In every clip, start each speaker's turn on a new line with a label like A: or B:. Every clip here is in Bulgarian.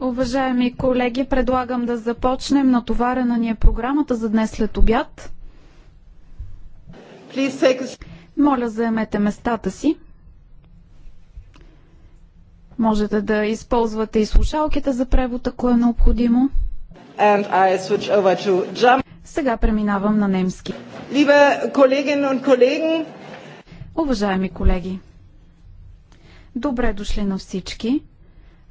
A: Уважаеми колеги, предлагам да започнем. Натоварена ни е програмата за днес след обяд. Моля, заемете местата си. Можете да използвате и слушалките за превод, ако е необходимо. Сега преминавам на немски. Liebe Kolleginnen und Kollegen, Уважаеми колеги, Добре дошли на всички.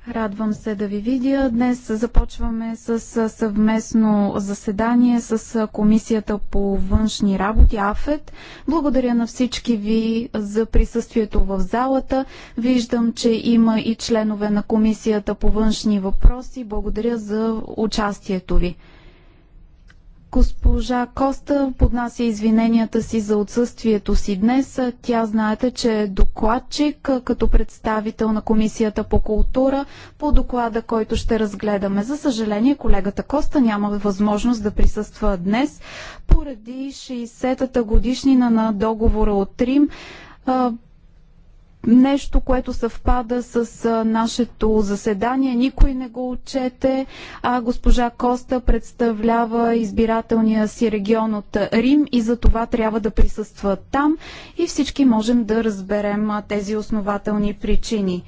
A: Радвам се да ви видя. Днес започваме с съвместно заседание с Комисията по външни работи АФЕД. Благодаря на всички ви за присъствието в залата. Виждам, че има и членове на Комисията по външни въпроси. Благодаря за участието ви. Госпожа Коста поднася извиненията си за отсъствието си днес. Тя знаете, че е докладчик като представител на Комисията по култура по доклада, който ще разгледаме. За съжаление, колегата Коста няма възможност да присъства днес поради 60-та годишнина на договора от Рим нещо, което съвпада с нашето заседание. Никой не го отчете, а госпожа Коста представлява избирателния си регион от Рим и за това трябва да присъства там и всички можем да разберем тези основателни причини.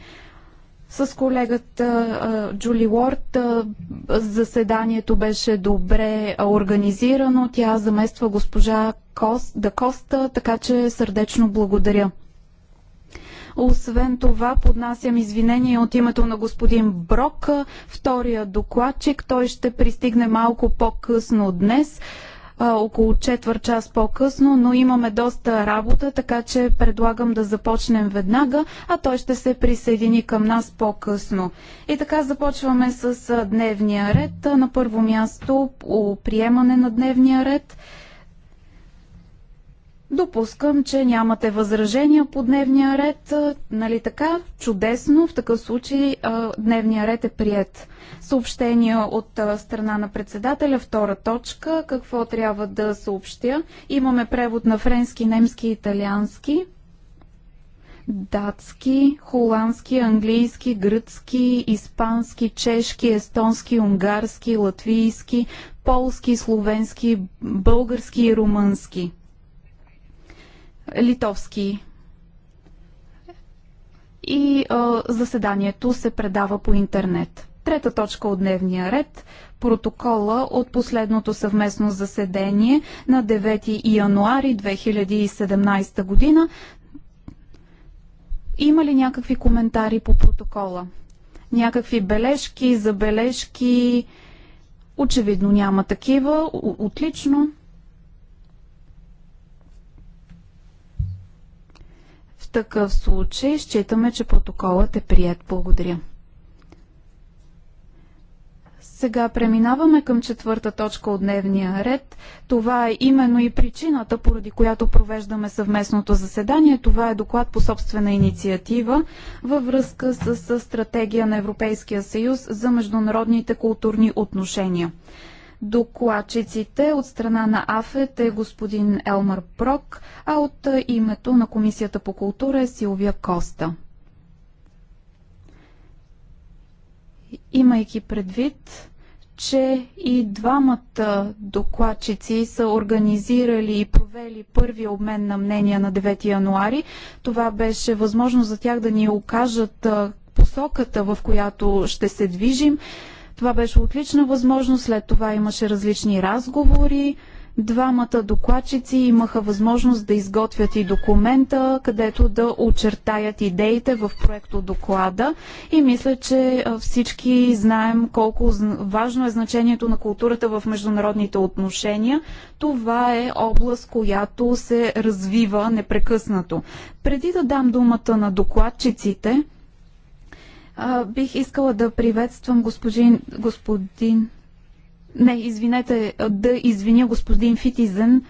A: С колегата Джули Уорд заседанието беше добре организирано. Тя замества госпожа Коста, така че сърдечно благодаря. Освен това, поднасям извинение от името на господин Брок, втория докладчик. Той ще пристигне малко по-късно днес около четвър час по-късно, но имаме доста работа, така че предлагам да започнем веднага, а той ще се присъедини към нас по-късно. И така започваме с дневния ред. На първо място приемане на дневния ред. Допускам, че нямате възражения по дневния ред. Нали така? Чудесно. В такъв случай дневния ред е прият. Съобщение от страна на председателя. Втора точка. Какво трябва да съобщя? Имаме превод на френски, немски италиански датски, холандски, английски, гръцки, испански, чешки, естонски, унгарски, латвийски, полски, словенски, български и румънски литовски. И а, заседанието се предава по интернет. Трета точка от дневния ред протокола от последното съвместно заседание на 9 януари 2017 година. Има ли някакви коментари по протокола? Някакви бележки, забележки? Очевидно няма такива. Отлично. такъв случай считаме, че протоколът е прият. Благодаря. Сега преминаваме към четвърта точка от дневния ред. Това е именно и причината, поради която провеждаме съвместното заседание. Това е доклад по собствена инициатива във връзка с стратегия на Европейския съюз за международните културни отношения. Докладчиците от страна на АФЕТ е господин Елмар Прок, а от името на Комисията по култура е Силвия Коста. Имайки предвид, че и двамата докладчици са организирали и провели първи обмен на мнения на 9 януари. Това беше възможно за тях да ни окажат посоката, в която ще се движим. Това беше отлична възможност. След това имаше различни разговори. Двамата докладчици имаха възможност да изготвят и документа, където да очертаят идеите в проекто доклада. И мисля, че всички знаем колко важно е значението на културата в международните отношения. Това е област, която се развива непрекъснато. Преди да дам думата на докладчиците, а, бих искала да приветствам господин, господин... Не, извинете, да извиня господин Фитизен,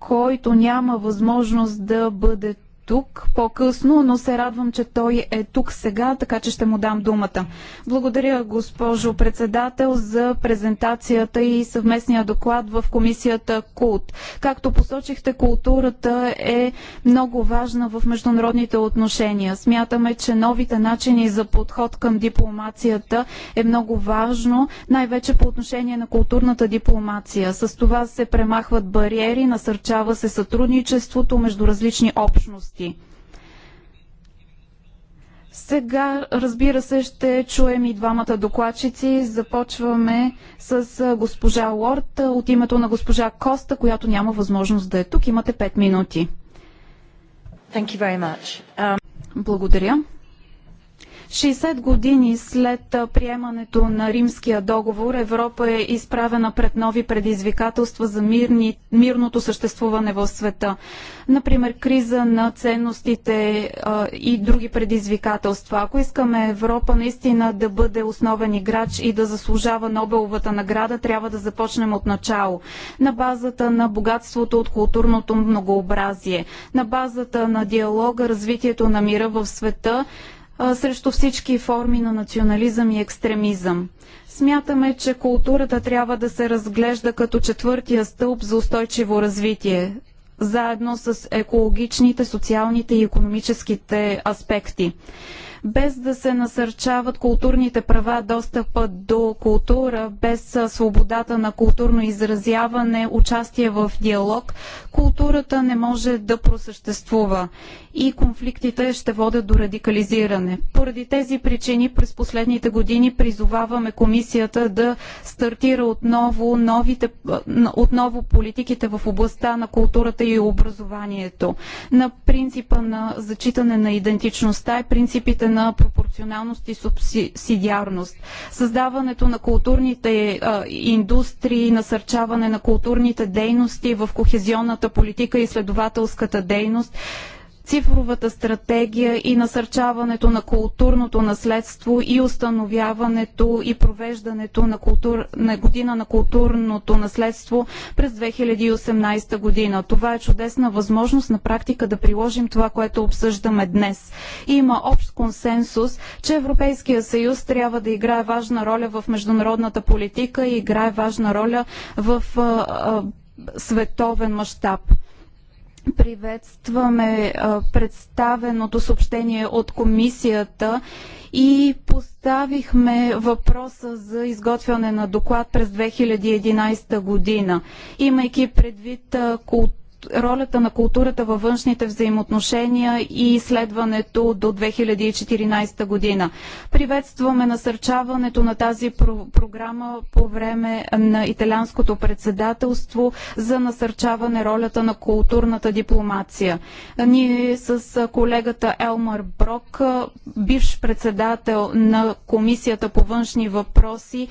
A: който няма възможност да бъде тук по-късно, но се радвам, че той е тук сега, така че ще му дам думата. Благодаря, госпожо председател, за презентацията и съвместния доклад в комисията КУЛТ. Както посочихте, културата е много важна в международните отношения. Смятаме, че новите начини за подход към дипломацията е много важно, най-вече по отношение на културната дипломация. С това се премахват бариери, насърчава се сътрудничеството между различни общности дейности. Сега, разбира се, ще чуем и двамата докладчици. Започваме с госпожа Лорд от името на госпожа Коста, която няма възможност да е тук. Имате 5 минути. Um... Благодаря. 60 години след приемането на Римския договор Европа е изправена пред нови предизвикателства за мирни, мирното съществуване в света. Например, криза на ценностите а, и други предизвикателства. Ако искаме Европа наистина да бъде основен играч и да заслужава Нобеловата награда, трябва да започнем от начало. На базата на богатството от културното многообразие, на базата на диалога, развитието на мира в света, а, срещу всички форми на национализъм и екстремизъм. Смятаме, че културата трябва да се разглежда като четвъртия стълб за устойчиво развитие, заедно с екологичните, социалните и економическите аспекти без да се насърчават културните права, достъпът до култура, без свободата на културно изразяване, участие в диалог, културата не може да просъществува и конфликтите ще водят до радикализиране. Поради тези причини през последните години призоваваме комисията да стартира отново, новите, отново политиките в областта на културата и образованието. На принципа на зачитане на идентичността и принципите на пропорционалност и субсидиарност. Създаването на културните а, индустрии, насърчаване на културните дейности в кохезионната политика и следователската дейност цифровата стратегия и насърчаването на културното наследство и установяването и провеждането на, култур... на година на културното наследство през 2018 година. Това е чудесна възможност на практика да приложим това, което обсъждаме днес. Има общ консенсус, че Европейския съюз трябва да играе важна роля в международната политика и играе важна роля в а, а, световен мащаб. Приветстваме представеното съобщение от комисията и поставихме въпроса за изготвяне на доклад през 2011 година, имайки предвид културата ролята на културата във външните взаимоотношения и изследването до 2014 година. Приветстваме насърчаването на тази про- програма по време на италианското председателство за насърчаване ролята на културната дипломация. Ние с колегата Елмар Брок, бивш председател на Комисията по външни въпроси,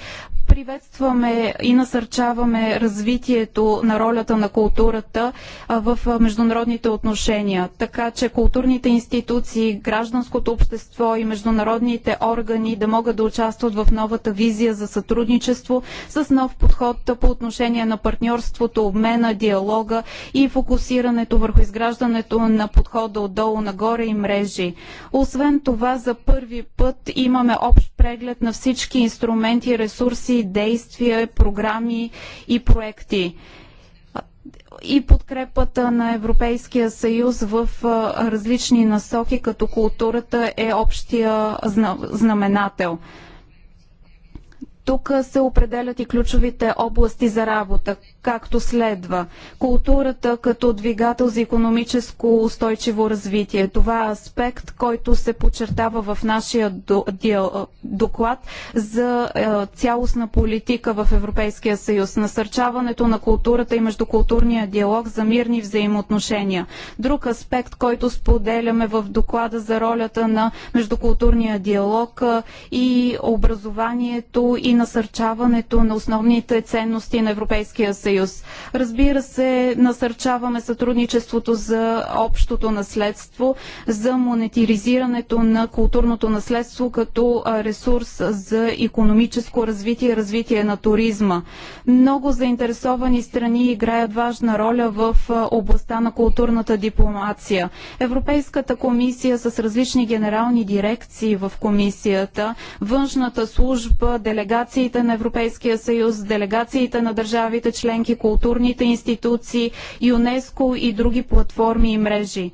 A: Приветстваме и насърчаваме развитието на ролята на културата в международните отношения, така че културните институции, гражданското общество и международните органи да могат да участват в новата визия за сътрудничество с нов подход по отношение на партньорството, обмена, диалога и фокусирането върху изграждането на подхода отдолу нагоре и мрежи. Освен това, за първи път имаме общ преглед на всички инструменти, ресурси действия, програми и проекти и подкрепата на Европейския съюз в различни насоки, като културата е общия знаменател. Тук се определят и ключовите области за работа както следва. Културата като двигател за економическо устойчиво развитие. Това е аспект, който се подчертава в нашия доклад за цялостна политика в Европейския съюз. Насърчаването на културата и междукултурния диалог за мирни взаимоотношения. Друг аспект, който споделяме в доклада за ролята на междукултурния диалог и образованието и насърчаването на основните ценности на Европейския съюз съюз. Разбира се, насърчаваме сътрудничеството за общото наследство, за монетиризирането на културното наследство като ресурс за економическо развитие и развитие на туризма. Много заинтересовани страни играят важна роля в областта на културната дипломация. Европейската комисия с различни генерални дирекции в комисията, външната служба, делегациите на Европейския съюз, делегациите на държавите членки, членки, културните институции, ЮНЕСКО и други платформи и мрежи.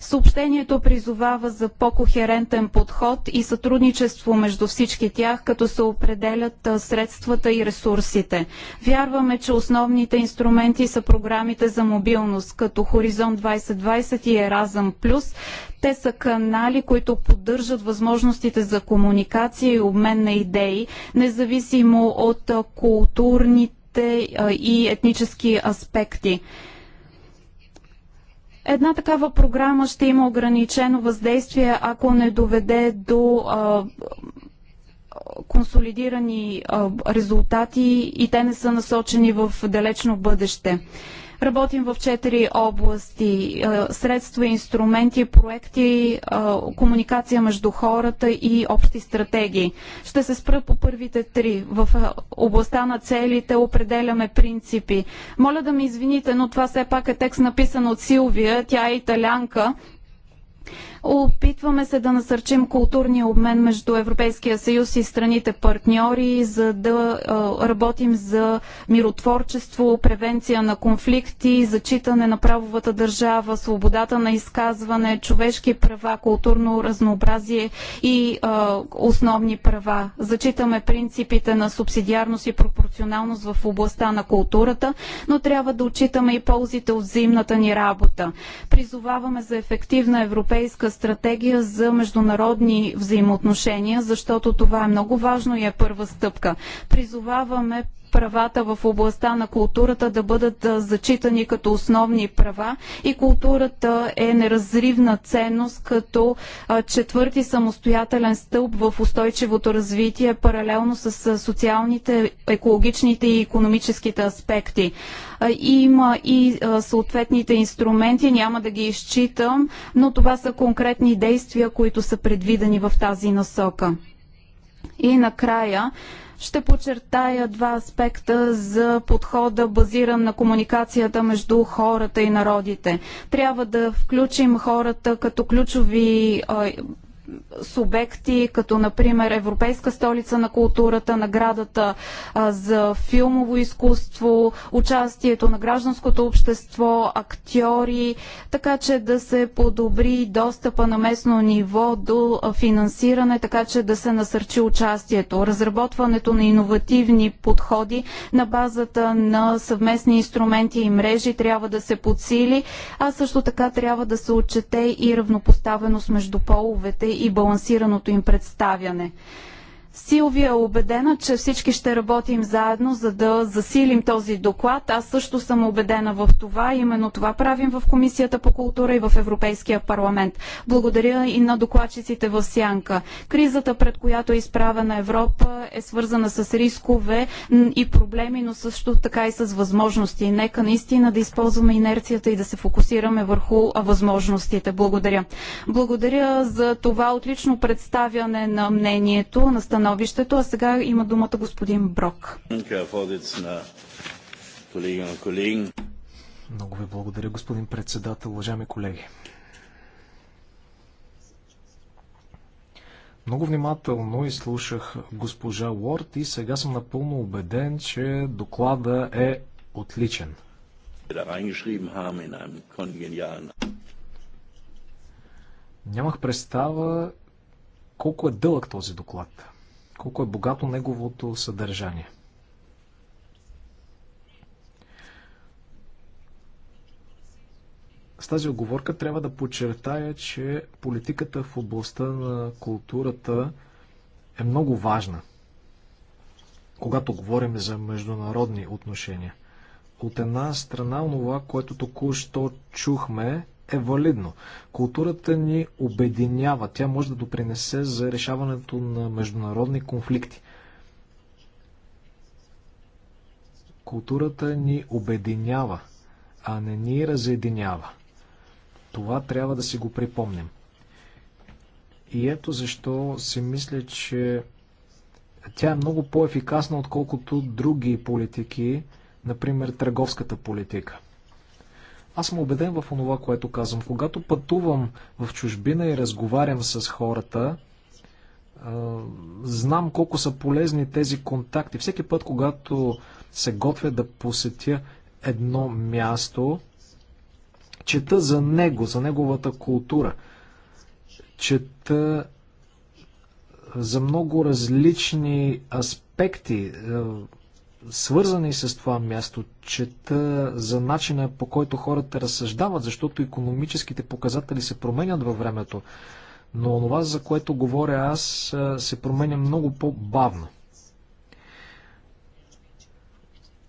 A: Съобщението призовава за по-кохерентен подход и сътрудничество между всички тях, като се определят средствата и ресурсите. Вярваме, че основните инструменти са програмите за мобилност, като Хоризонт 2020 и Еразъм Плюс. Те са канали, които поддържат възможностите за комуникация и обмен на идеи, независимо от културните расовите и етнически аспекти. Една такава програма ще има ограничено въздействие, ако не доведе до консолидирани резултати и те не са насочени в далечно бъдеще. Работим в четири области средства, инструменти, проекти, комуникация между хората и общи стратегии. Ще се спра по първите три. В областта на целите определяме принципи. Моля да ме извините, но това все пак е текст написан от Силвия. Тя е италянка. Опитваме се да насърчим културния обмен между Европейския съюз и страните партньори, за да работим за миротворчество, превенция на конфликти, зачитане на правовата държава, свободата на изказване, човешки права, културно разнообразие и основни права. Зачитаме принципите на субсидиарност и пропорционалност в областта на културата, но трябва да отчитаме и ползите от взаимната ни работа. Призоваваме за ефективна европейска стратегия за международни взаимоотношения, защото това е много важно и е първа стъпка. Призоваваме правата в областта на културата да бъдат зачитани като основни права и културата е неразривна ценност като четвърти самостоятелен стълб в устойчивото развитие, паралелно с социалните, екологичните и економическите аспекти. Има и съответните инструменти, няма да ги изчитам, но това са конкретни действия, които са предвидени в тази насока. И накрая ще подчертая два аспекта за подхода, базиран на комуникацията между хората и народите. Трябва да включим хората като ключови субекти, като например Европейска столица на културата, наградата за филмово изкуство, участието на гражданското общество, актьори, така че да се подобри достъпа на местно ниво до финансиране, така че да се насърчи участието. Разработването на иновативни подходи на базата на съвместни инструменти и мрежи трябва да се подсили, а също така трябва да се отчете и равнопоставеност между половете и балансираното им представяне. Силвия е убедена, че всички ще работим заедно, за да засилим този доклад. Аз също съм убедена в това. Именно това правим в Комисията по култура и в Европейския парламент. Благодаря и на докладчиците в Сянка. Кризата, пред която е изправена Европа, е свързана с рискове и проблеми, но също така и с възможности. Нека наистина да използваме инерцията и да се фокусираме върху възможностите. Благодаря. Благодаря за това отлично представяне на мнението, на становището становището, а сега има думата господин Брок.
B: Много ви благодаря, господин председател, уважаеми колеги. Много внимателно изслушах госпожа Уорд и сега съм напълно убеден, че доклада е отличен. Нямах представа колко е дълъг този доклад колко е богато неговото съдържание. С тази оговорка трябва да подчертая, че политиката в областта на културата е много важна, когато говорим за международни отношения. От една страна, онова, което току-що чухме, е валидно. Културата ни обединява. Тя може да допринесе за решаването на международни конфликти. Културата ни обединява, а не ни разединява. Това трябва да си го припомним. И ето защо си мисля, че тя е много по-ефикасна, отколкото други политики, например търговската политика – аз съм убеден в онова, което казвам. Когато пътувам в чужбина и разговарям с хората, знам колко са полезни тези контакти. Всеки път, когато се готвя да посетя едно място, чета за него, за неговата култура. Чета за много различни аспекти, свързани с това място. Чета за начина по който хората разсъждават, защото економическите показатели се променят във времето. Но това, за което говоря аз, се променя много по-бавно.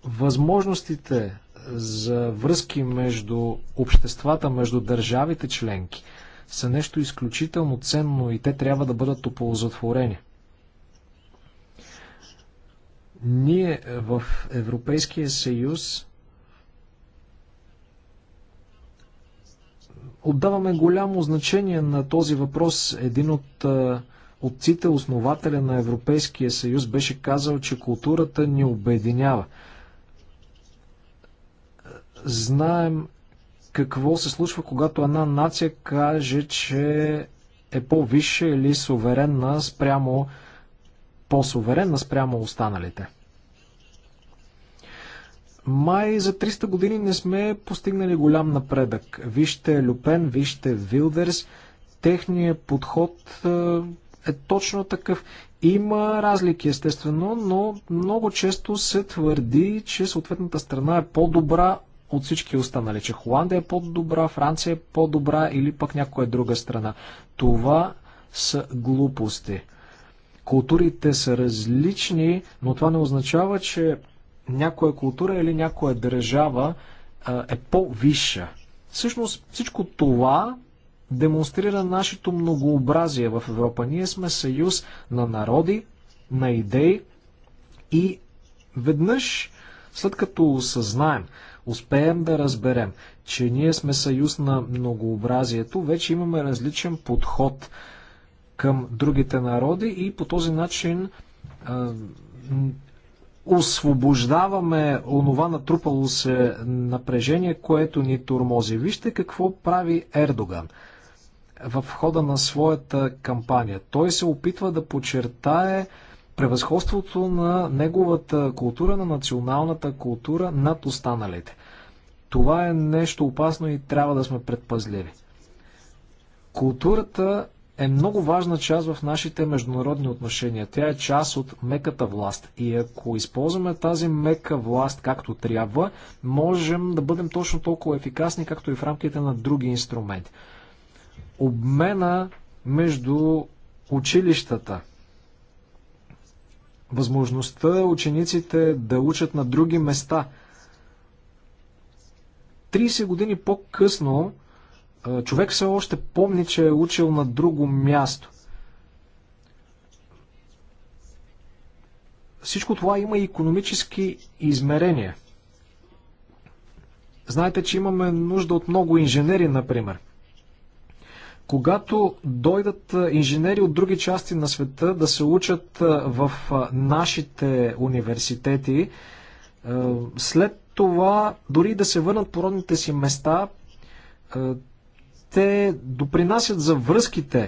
B: Възможностите за връзки между обществата, между държавите членки са нещо изключително ценно и те трябва да бъдат оползотворени – ние в Европейския съюз отдаваме голямо значение на този въпрос. Един от отците, основателя на Европейския съюз, беше казал, че културата ни обединява. Знаем какво се случва, когато една нация каже, че е по-висша или суверенна спрямо по-суверенна спрямо останалите. Май за 300 години не сме постигнали голям напредък. Вижте Люпен, вижте Вилдерс, техният подход е точно такъв. Има разлики, естествено, но много често се твърди, че съответната страна е по-добра от всички останали, че Холандия е по-добра, Франция е по-добра или пък някоя друга страна. Това са глупости културите са различни, но това не означава, че някоя култура или някоя държава е по-висша. Всъщност всичко това демонстрира нашето многообразие в Европа. Ние сме съюз на народи, на идеи и веднъж, след като осъзнаем, успеем да разберем, че ние сме съюз на многообразието, вече имаме различен подход към другите народи и по този начин освобождаваме онова натрупало се напрежение, което ни турмози. Вижте какво прави Ердоган в хода на своята кампания. Той се опитва да подчертае превъзходството на неговата култура, на националната култура над останалите. Това е нещо опасно и трябва да сме предпазливи. Културата е много важна част в нашите международни отношения. Тя е част от меката власт. И ако използваме тази мека власт както трябва, можем да бъдем точно толкова ефикасни, както и в рамките на други инструменти. Обмена между училищата. Възможността учениците да учат на други места. 30 години по-късно човек все още помни, че е учил на друго място. Всичко това има и економически измерения. Знаете, че имаме нужда от много инженери, например. Когато дойдат инженери от други части на света да се учат в нашите университети, след това, дори да се върнат по родните си места, те допринасят за връзките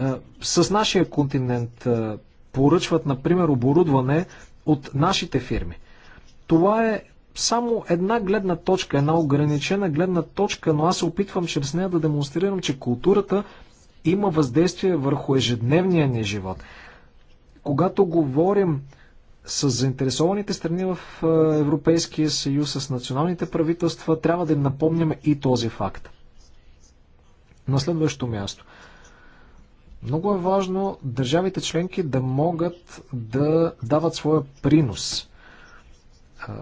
B: е, с нашия континент, е, поръчват, например, оборудване от нашите фирми. Това е само една гледна точка, една ограничена гледна точка, но аз се опитвам чрез нея да демонстрирам, че културата има въздействие върху ежедневния ни живот. Когато говорим с заинтересованите страни в е, Европейския съюз, с националните правителства, трябва да им напомняме и този факт. На следващо място. Много е важно държавите членки да могат да дават своя принос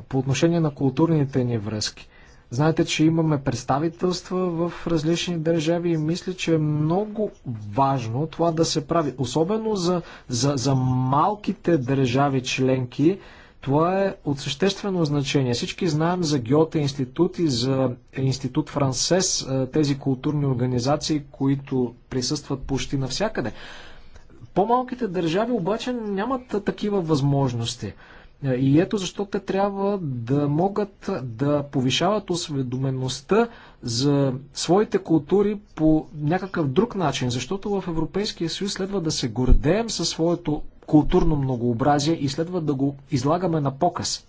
B: по отношение на културните ни връзки. Знаете, че имаме представителства в различни държави и мисля, че е много важно това да се прави. Особено за, за, за малките държави членки, това е от съществено значение. Всички знаем за Гьоте институт и за институт Франсес, тези културни организации, които присъстват почти навсякъде. По-малките държави обаче нямат такива възможности. И ето защо те трябва да могат да повишават осведомеността за своите култури по някакъв друг начин, защото в Европейския съюз следва да се гордеем със своето културно многообразие и следва да го излагаме на показ.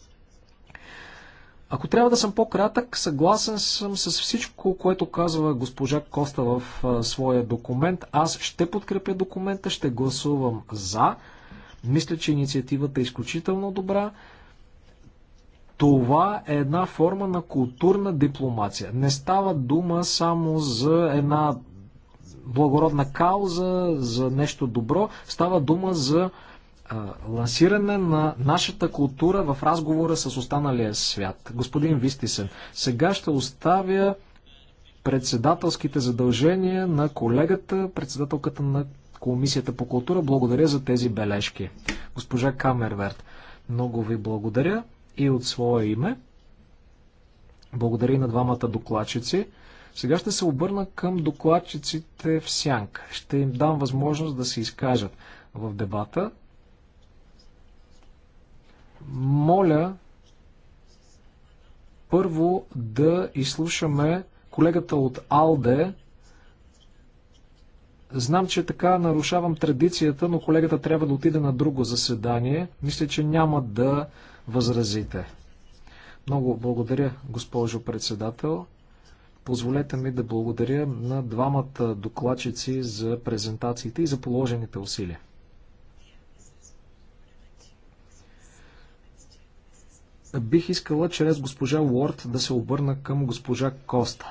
B: Ако трябва да съм по-кратък, съгласен съм с всичко, което казва госпожа Коста в своя документ. Аз ще подкрепя документа, ще гласувам за. Мисля, че инициативата е изключително добра. Това е една форма на културна дипломация. Не става дума само за една благородна кауза, за нещо добро. Става дума за лансиране на нашата култура в разговора с останалия свят. Господин Вистисен, сега ще оставя председателските задължения на колегата, председателката на Комисията по култура. Благодаря за тези бележки. Госпожа Камерверт, много ви благодаря и от свое име. Благодаря и на двамата докладчици. Сега ще се обърна към докладчиците в сянк. Ще им дам възможност да се изкажат в дебата. Моля първо да изслушаме колегата от АЛДЕ. Знам, че така нарушавам традицията, но колегата трябва да отиде на друго заседание. Мисля, че няма да възразите. Много благодаря, госпожо председател. Позволете ми да благодаря на двамата докладчици за презентациите и за положените усилия. бих искала чрез госпожа Уорд да се обърна към госпожа Коста.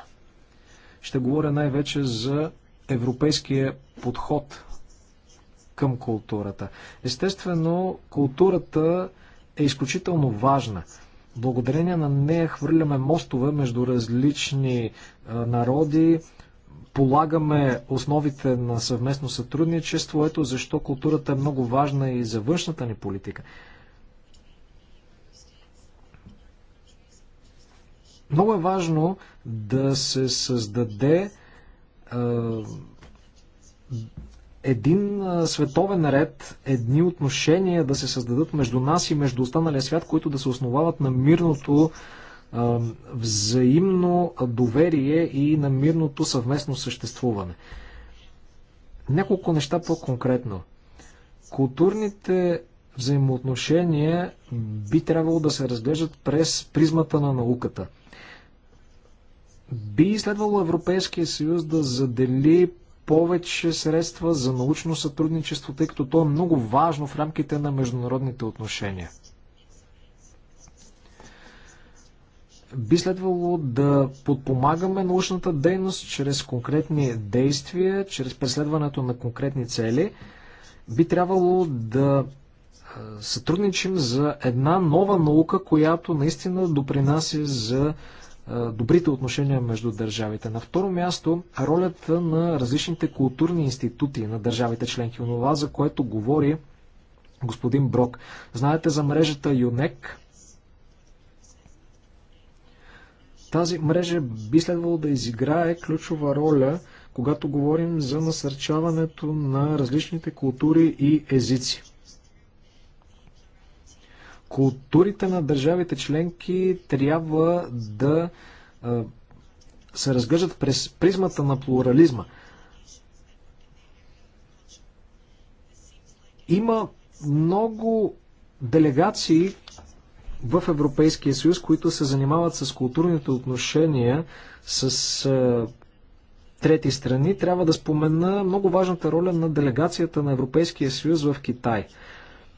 B: Ще говоря най-вече за европейския подход към културата. Естествено, културата е изключително важна. Благодарение на нея хвърляме мостове между различни народи, полагаме основите на съвместно сътрудничество. Ето защо културата е много важна и за външната ни политика. Много е важно да се създаде един световен ред, едни отношения да се създадат между нас и между останалия свят, които да се основават на мирното взаимно доверие и на мирното съвместно съществуване. Няколко неща по-конкретно. Културните взаимоотношения би трябвало да се разглеждат през призмата на науката – би следвало Европейския съюз да задели повече средства за научно сътрудничество, тъй като то е много важно в рамките на международните отношения. би следвало да подпомагаме научната дейност чрез конкретни действия, чрез преследването на конкретни цели. Би трябвало да сътрудничим за една нова наука, която наистина допринася за добрите отношения между държавите. На второ място, ролята на различните културни институти на държавите членки, онова, за което говори господин Брок. Знаете за мрежата ЮНЕК? Тази мрежа би следвало да изиграе ключова роля, когато говорим за насърчаването на различните култури и езици културите на държавите членки трябва да се разглеждат през призмата на плурализма. Има много делегации в Европейския съюз, които се занимават с културните отношения с а, трети страни. Трябва да спомена много важната роля на делегацията на Европейския съюз в Китай.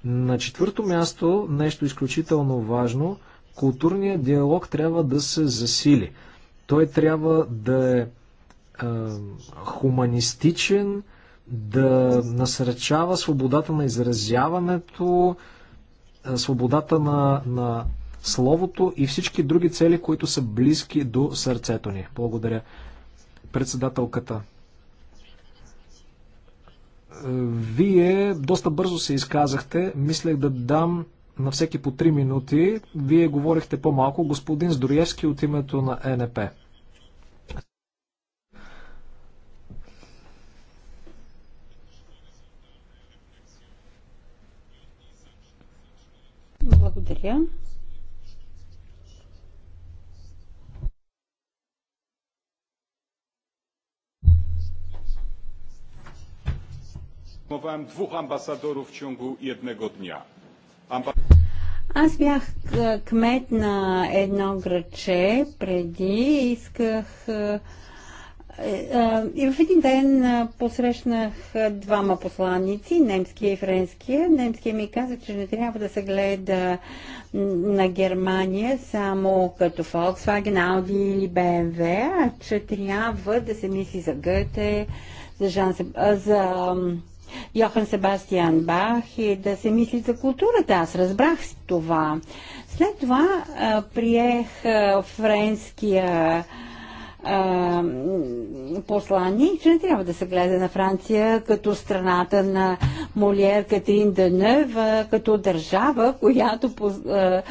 B: На четвърто място, нещо изключително важно, културният диалог трябва да се засили. Той трябва да е, е хуманистичен, да насръчава свободата на изразяването, е, свободата на, на словото и всички други цели, които са близки до сърцето ни. Благодаря. Председателката. Вие доста бързо се изказахте. Мислех да дам на всеки по 3 минути. Вие говорихте по-малко. Господин Здоревски от името на НП.
C: Благодаря.
B: ciągu jednego dnia.
C: Аз бях е, кмет на едно граче преди, и исках е, е, и в един ден посрещнах двама посланници, немския и френския. Немския ми каза, че не трябва да се гледа на Германия само като Volkswagen, Audi или BMW, а че трябва да се мисли за Гъте, за, Жан, за Йохан Себастиан Бах и да се мисли за културата. Аз разбрах това. След това а, приех а, френския а, посланник, че не трябва да се гледа на Франция като страната на Молиер Катрин Денев, като държава, която по, а,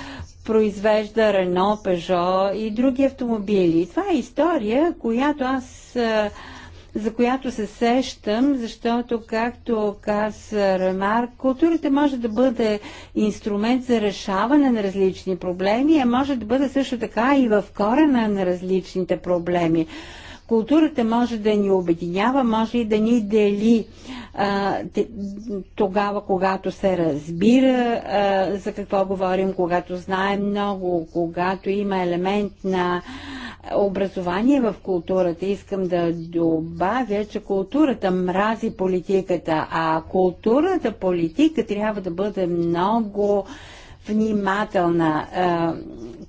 C: произвежда Рено, Пежо и други автомобили. Това е история, която аз а, за която се сещам, защото, както каза Ремар, културата може да бъде инструмент за решаване на различни проблеми, а може да бъде също така и в корена на различните проблеми. Културата може да ни обединява, може и да ни дели а, тогава, когато се разбира а, за какво говорим, когато знаем много, когато има елемент на а, образование в културата. Искам да добавя, че културата мрази политиката, а културната политика трябва да бъде много внимателна.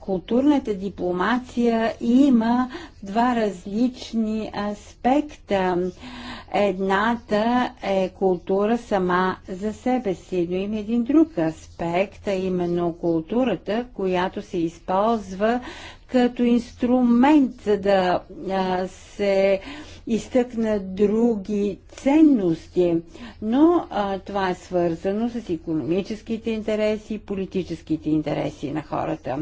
C: Културната дипломация има два различни аспекта. Едната е култура сама за себе си, но има един друг аспект, а именно културата, която се използва като инструмент, за да а, се изтъкнат други ценности, но а, това е свързано с економическите интереси и политическите интереси на хората.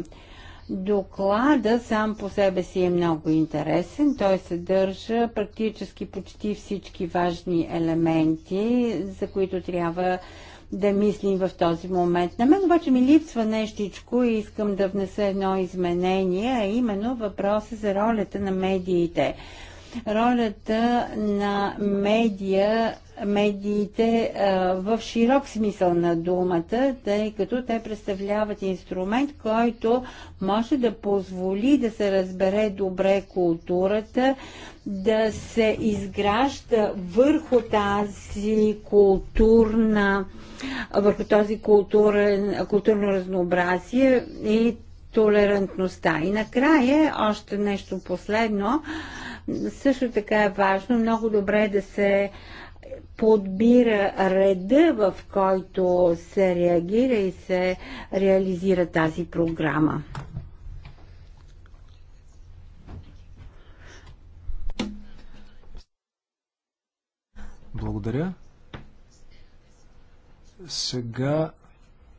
C: Доклада сам по себе си е много интересен. Той съдържа практически почти всички важни елементи, за които трябва да мислим в този момент. На мен обаче ми липсва нещичко и искам да внеса едно изменение, а именно въпроса за ролята на медиите. Ролята на медия, медиите в широк смисъл на думата, тъй като те представляват инструмент, който може да позволи да се разбере добре културата, да се изгражда върху тази културна върху този културен, културно разнообразие и толерантността. И накрая, още нещо последно, също така е важно, много добре да се подбира реда, в който се реагира и се реализира тази програма.
B: Благодаря. Сега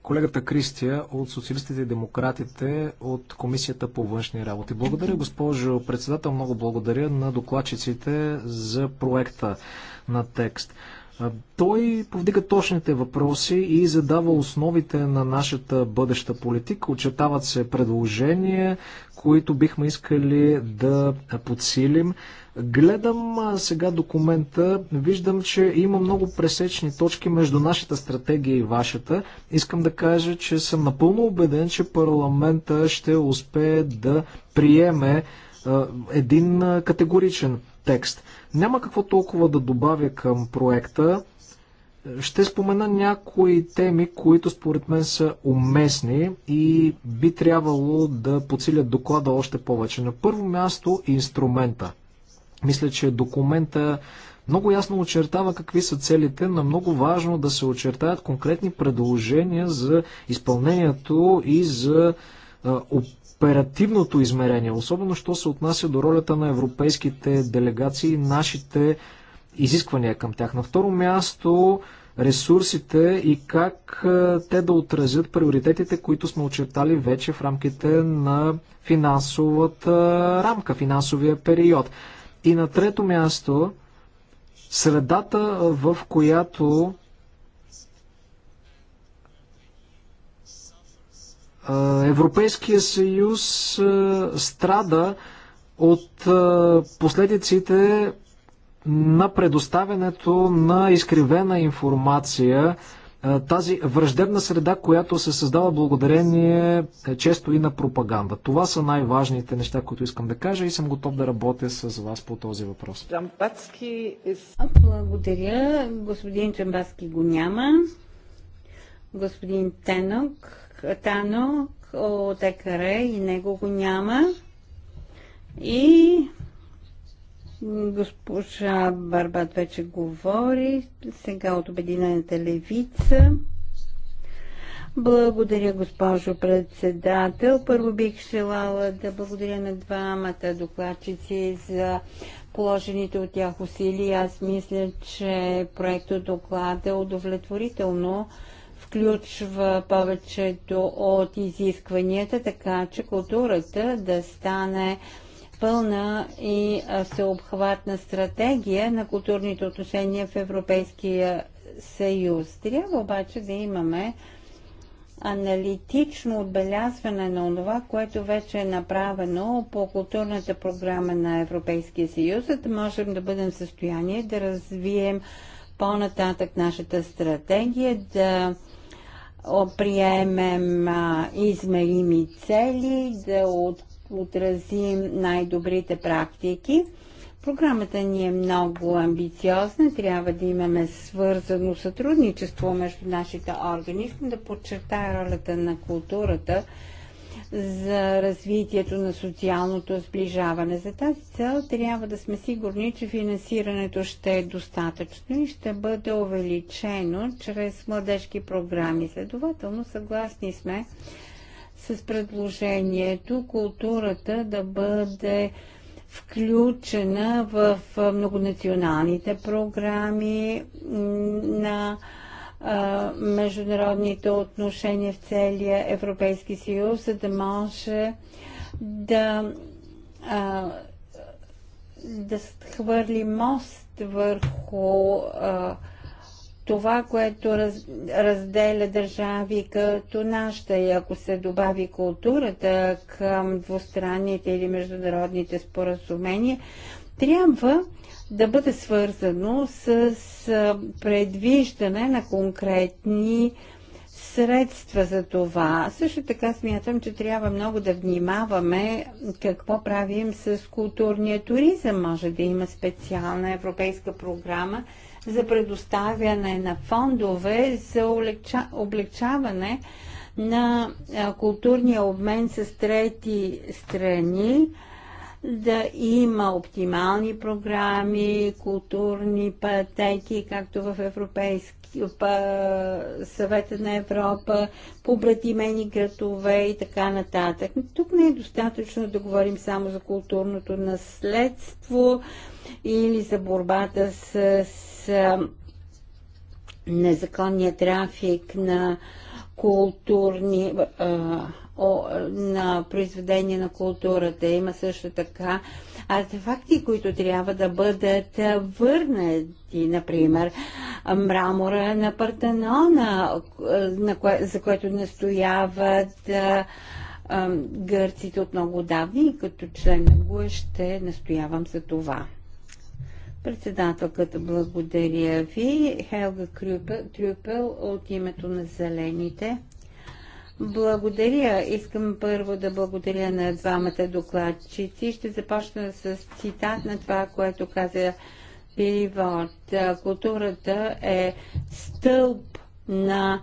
B: колегата Кристия от Социалистите и демократите от Комисията по външни работи. Благодаря, госпожо председател. Много благодаря на докладчиците за проекта на текст. Той повдига точните въпроси и задава основите на нашата бъдеща политика. Очетават се предложения, които бихме искали да подсилим. Гледам сега документа, виждам, че има много пресечни точки между нашата стратегия и вашата. Искам да кажа, че съм напълно убеден, че парламента ще успее да приеме един категоричен текст. Няма какво толкова да добавя към проекта. Ще спомена някои теми, които според мен са уместни и би трябвало да подсилят доклада още повече. На първо място инструмента. Мисля, че документа много ясно очертава какви са целите, но много важно да се очертаят конкретни предложения за изпълнението и за оперативното измерение, особено що се отнася до ролята на европейските делегации и нашите изисквания към тях. На второ място ресурсите и как те да отразят приоритетите, които сме очертали вече в рамките на финансовата рамка, финансовия период. И на трето място, средата, в която Европейския съюз страда от последиците на предоставянето на изкривена информация тази враждебна среда, която се създава благодарение е, често и на пропаганда. Това са най-важните неща, които искам да кажа и съм готов да работя с вас по този въпрос.
C: Благодаря. Господин Чамбаски го няма. Господин Тенок, Танок от ЕКР и него го няма. И Госпожа Барбат вече говори, сега от Обединената левица. Благодаря, госпожо председател. Първо бих желала да благодаря на двамата докладчици за положените от тях усилия. Аз мисля, че проектът доклад е удовлетворително включва повечето от изискванията, така че културата да стане пълна и всеобхватна стратегия на културните отношения в Европейския съюз. Трябва обаче да имаме аналитично отбелязване на това, което вече е направено по културната програма на Европейския съюз, за да можем да бъдем в състояние да развием по-нататък нашата стратегия, да приемем измерими цели, да от отразим най-добрите практики. Програмата ни е много амбициозна. Трябва да имаме свързано сътрудничество между нашите органи. Искам да подчертая ролята на културата за развитието на социалното сближаване. За тази цел трябва да сме сигурни, че финансирането ще е достатъчно и ще бъде увеличено чрез младежки програми. Следователно, съгласни сме с предложението културата да бъде включена в многонационалните програми на международните отношения в целия Европейски съюз, за да може да, да хвърли мост върху а, това, което раз, разделя държави като нашата. И ако се добави културата към двустранните или международните споразумения, трябва да бъде свързано с, с предвиждане на конкретни средства за това. Също така смятам, че трябва много да внимаваме какво правим с културния туризъм. Може да има специална европейска програма за предоставяне на фондове за облегчаване на културния обмен с трети страни, да има оптимални програми, културни пътеки, както в Европейски съвета на Европа, побратимени градове и така нататък. Тук не е достатъчно да говорим само за културното наследство или за борбата с незаконния трафик на културни на произведения на културата. Има също така артефакти, които трябва да бъдат върнати, например, мрамора на Партанона, на кое, за което настояват а, а, гърците от много давни и като член на ще настоявам за това. Председателката благодаря ви. Хелга Крюпел, Трюпел от името на Зелените. Благодаря. Искам първо да благодаря на двамата докладчици. Ще започна с цитат на това, което каза Пивот. Културата е стълб на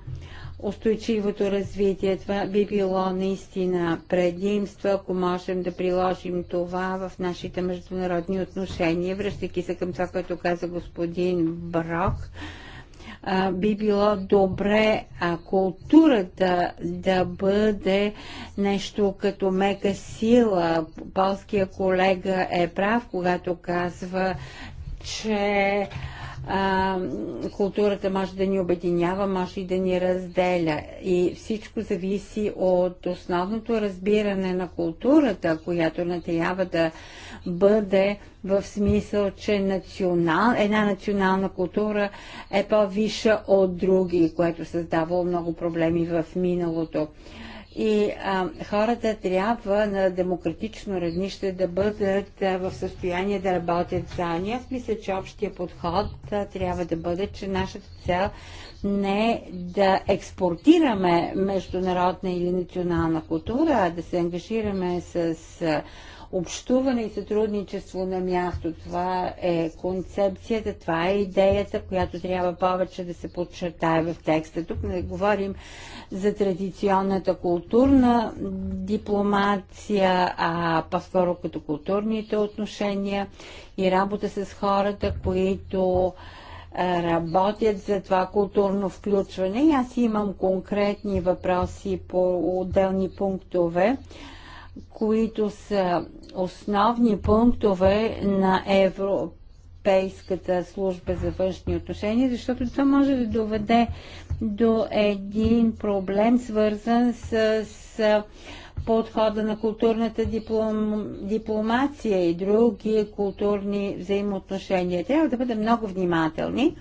C: устойчивото развитие. Това би било наистина предимство, ако можем да приложим това в нашите международни отношения. Връщайки се към това, което каза господин Брок, би било добре а културата да бъде нещо като мека сила. Полския колега е прав, когато казва, че а, културата може да ни обединява, може и да ни разделя. И всичко зависи от основното разбиране на културата, която не трябва да бъде в смисъл, че национал, една национална култура е по-виша от други, което създавало много проблеми в миналото и а, хората трябва на демократично равнище да бъдат а, в състояние да работят заедно. Аз мисля, че общия подход а, трябва да бъде, че нашата цел не е да експортираме международна или национална култура, а да се ангажираме с. А, общуване и сътрудничество на място. Това е концепцията, това е идеята, която трябва повече да се подчертае в текста. Тук не говорим за традиционната културна дипломация, а по-скоро като културните отношения и работа с хората, които работят за това културно включване. И аз имам конкретни въпроси по отделни пунктове които са основни пунктове на Европейската служба за външни отношения, защото това може да доведе до един проблем, свързан с, с подхода на културната диплом, дипломация и други културни взаимоотношения. Трябва да бъдем много внимателни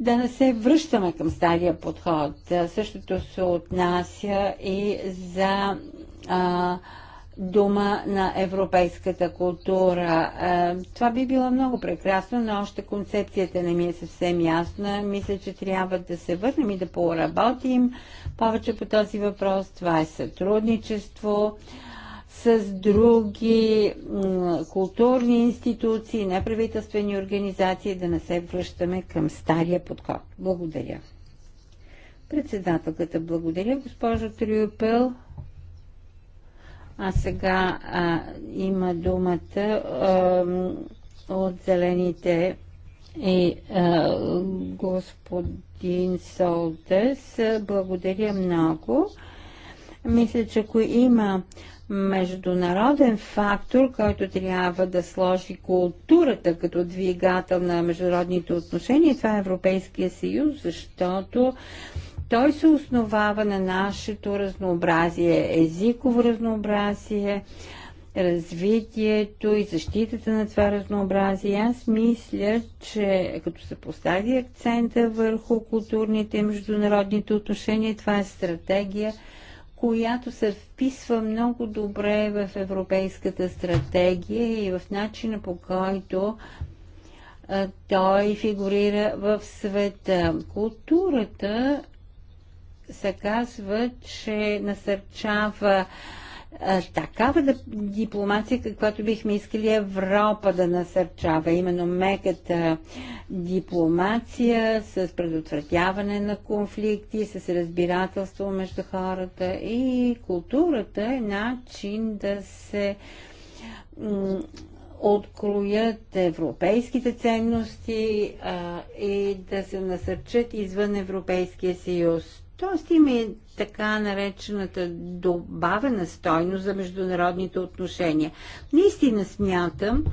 C: да не се връщаме към стария подход. Същото се отнася и за а, дума на европейската култура. А, това би било много прекрасно, но още концепцията не ми е съвсем ясна. Мисля, че трябва да се върнем и да поработим повече по този въпрос. Това е сътрудничество с други културни институции, неправителствени организации, да не се връщаме към стария подход. Благодаря. Председателката благодаря, госпожо Триопел. А сега а, има думата а, от зелените и а, господин Солтес. Благодаря много. Мисля, че ако има международен фактор, който трябва да сложи културата като двигател на международните отношения, това е Европейския съюз, защото той се основава на нашето разнообразие, езиково разнообразие, развитието и защитата на това разнообразие. Аз мисля, че като се постави акцента върху културните и международните отношения, това е стратегия, която се вписва много добре в европейската стратегия и в начина по който той фигурира в света. Културата се казва, че насърчава такава дипломация, каквато бихме искали Европа да насърчава, именно меката дипломация с предотвратяване на конфликти, с разбирателство между хората и културата е начин да се откроят европейските ценности а, и да се насърчат извън Европейския съюз. Тоест има и така наречената добавена стойност за международните отношения. Наистина смятам,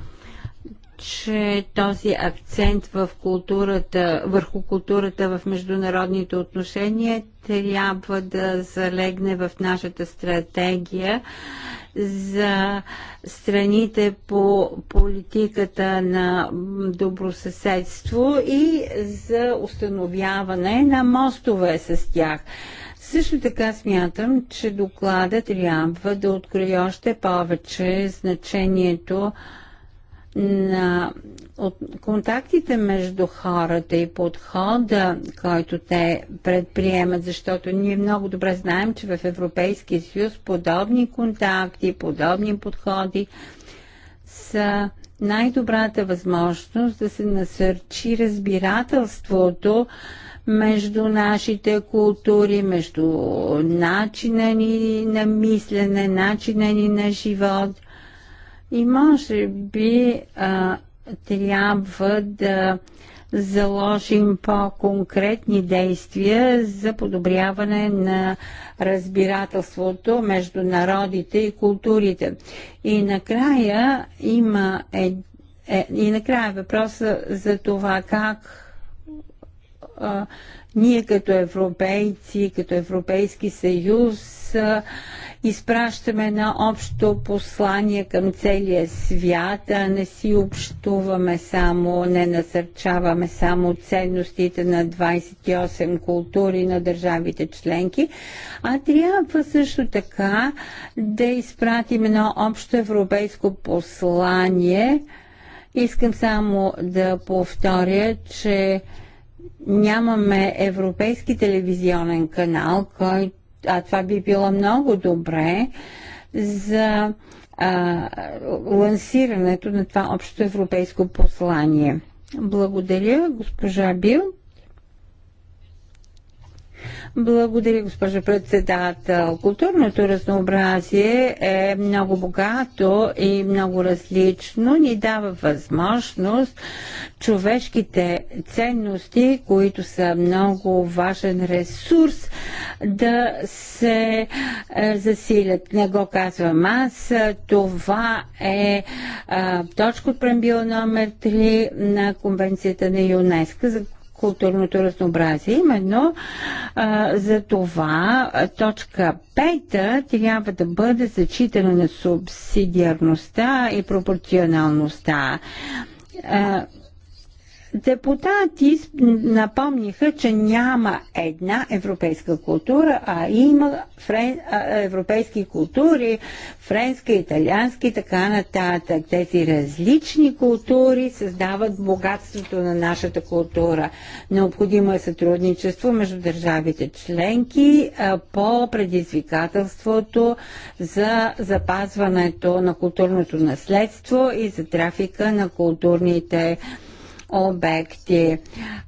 C: че този акцент в културата, върху културата в международните отношения трябва да залегне в нашата стратегия за страните по политиката на добросъседство и за установяване на мостове с тях. Също така смятам, че доклада трябва да открои още повече значението на контактите между хората и подхода, който те предприемат, защото ние много добре знаем, че в Европейския съюз подобни контакти, подобни подходи са най-добрата възможност да се насърчи разбирателството между нашите култури, между начина ни на мислене, начина ни на живот – и може би а, трябва да заложим по-конкретни действия за подобряване на разбирателството между народите и културите. И накрая има е, е, и накрая въпроса за това как а, ние като европейци, като Европейски съюз а, изпращаме едно общо послание към целия свят, а не си общуваме само, не насърчаваме само ценностите на 28 култури на държавите членки, а трябва също така да изпратим едно общо европейско послание. Искам само да повторя, че нямаме европейски телевизионен канал, който а това би било много добре за а, лансирането на това общо европейско послание. Благодаря, госпожа Бил. Благодаря, госпожо председател. Културното разнообразие е много богато и много различно. Ни дава възможност човешките ценности, които са много важен ресурс, да се е, засилят. Не го казвам аз. Това е, е точка от прембил номер 3 на Конвенцията на ЮНЕСКО за културното разнообразие. Именно а, за това точка 5 трябва да бъде зачитане на субсидиарността и пропорционалността. А, Депутати напомниха, че няма една европейска култура, а има френ... европейски култури, френска, италианска и така нататък. Тези различни култури създават богатството на нашата култура. Необходимо е сътрудничество между държавите членки по предизвикателството за запазването на културното наследство и за трафика на културните обекти.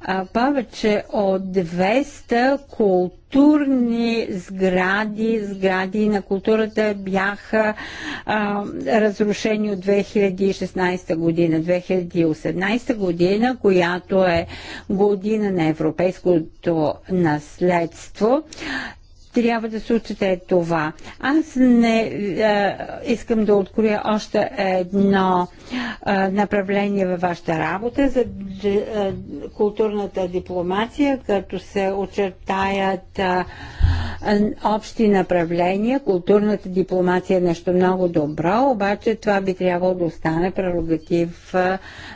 C: А, повече от 200 културни сгради, сгради на културата бяха а, разрушени от 2016 година. 2018 година, която е година на европейското наследство, трябва да се отчете това. Аз не а, искам да откроя още едно а, направление във вашата работа за а, културната дипломация, като се очертаят а, общи направления. Културната дипломация е нещо много добро, обаче това би трябвало да остане прерогатив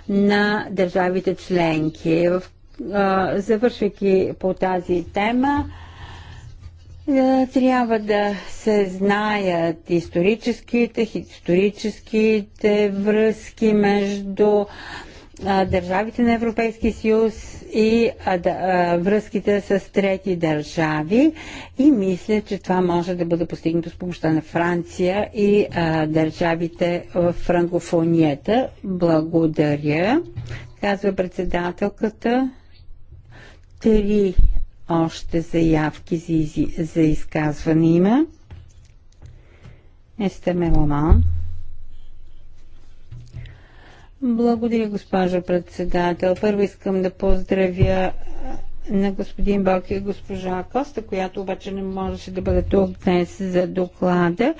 C: на държавите членки. В, завършвайки по тази тема, е, трябва да се знаят историческите, историческите връзки между държавите на Европейския съюз и връзките с трети държави и мисля, че това може да бъде постигнато с помощта на Франция и държавите в франкофонията. Благодаря, казва председателката. Три още заявки за, за изказване има. Есте Меломан. Благодаря, госпожа председател. Първо искам да поздравя на господин Бог и госпожа Коста, която обаче не можеше да бъде тук днес за доклада.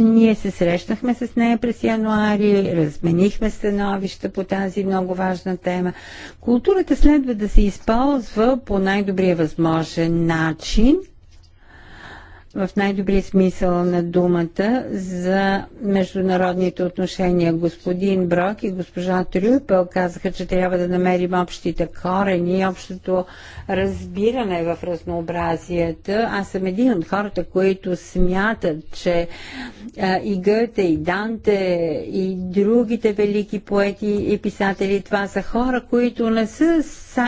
C: Ние се срещнахме с нея през януари, разменихме становища по тази много важна тема. Културата следва да се използва по най-добрия възможен начин в най-добрия смисъл на думата за международните отношения. Господин Брок и госпожа Трюпел казаха, че трябва да намерим общите корени, и общото разбиране в разнообразията. Аз съм един от хората, които смятат, че и Гъте, и Данте, и другите велики поети и писатели, това са хора, които не са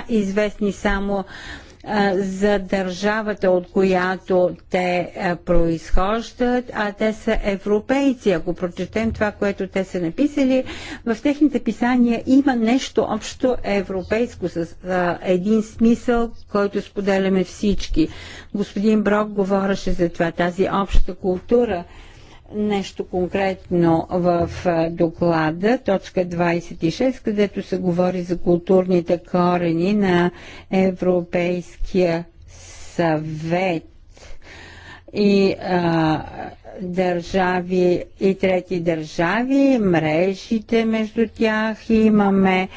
C: известни само за държавата, от която те произхождат, а те са европейци. Ако прочетем това, което те са написали, в техните писания има нещо общо европейско с един смисъл, който споделяме всички. Господин Брок говореше за това, тази обща култура – нещо конкретно в доклада, точка 26, където се говори за културните корени на Европейския съвет и а, държави и трети държави, мрежите между тях. Имаме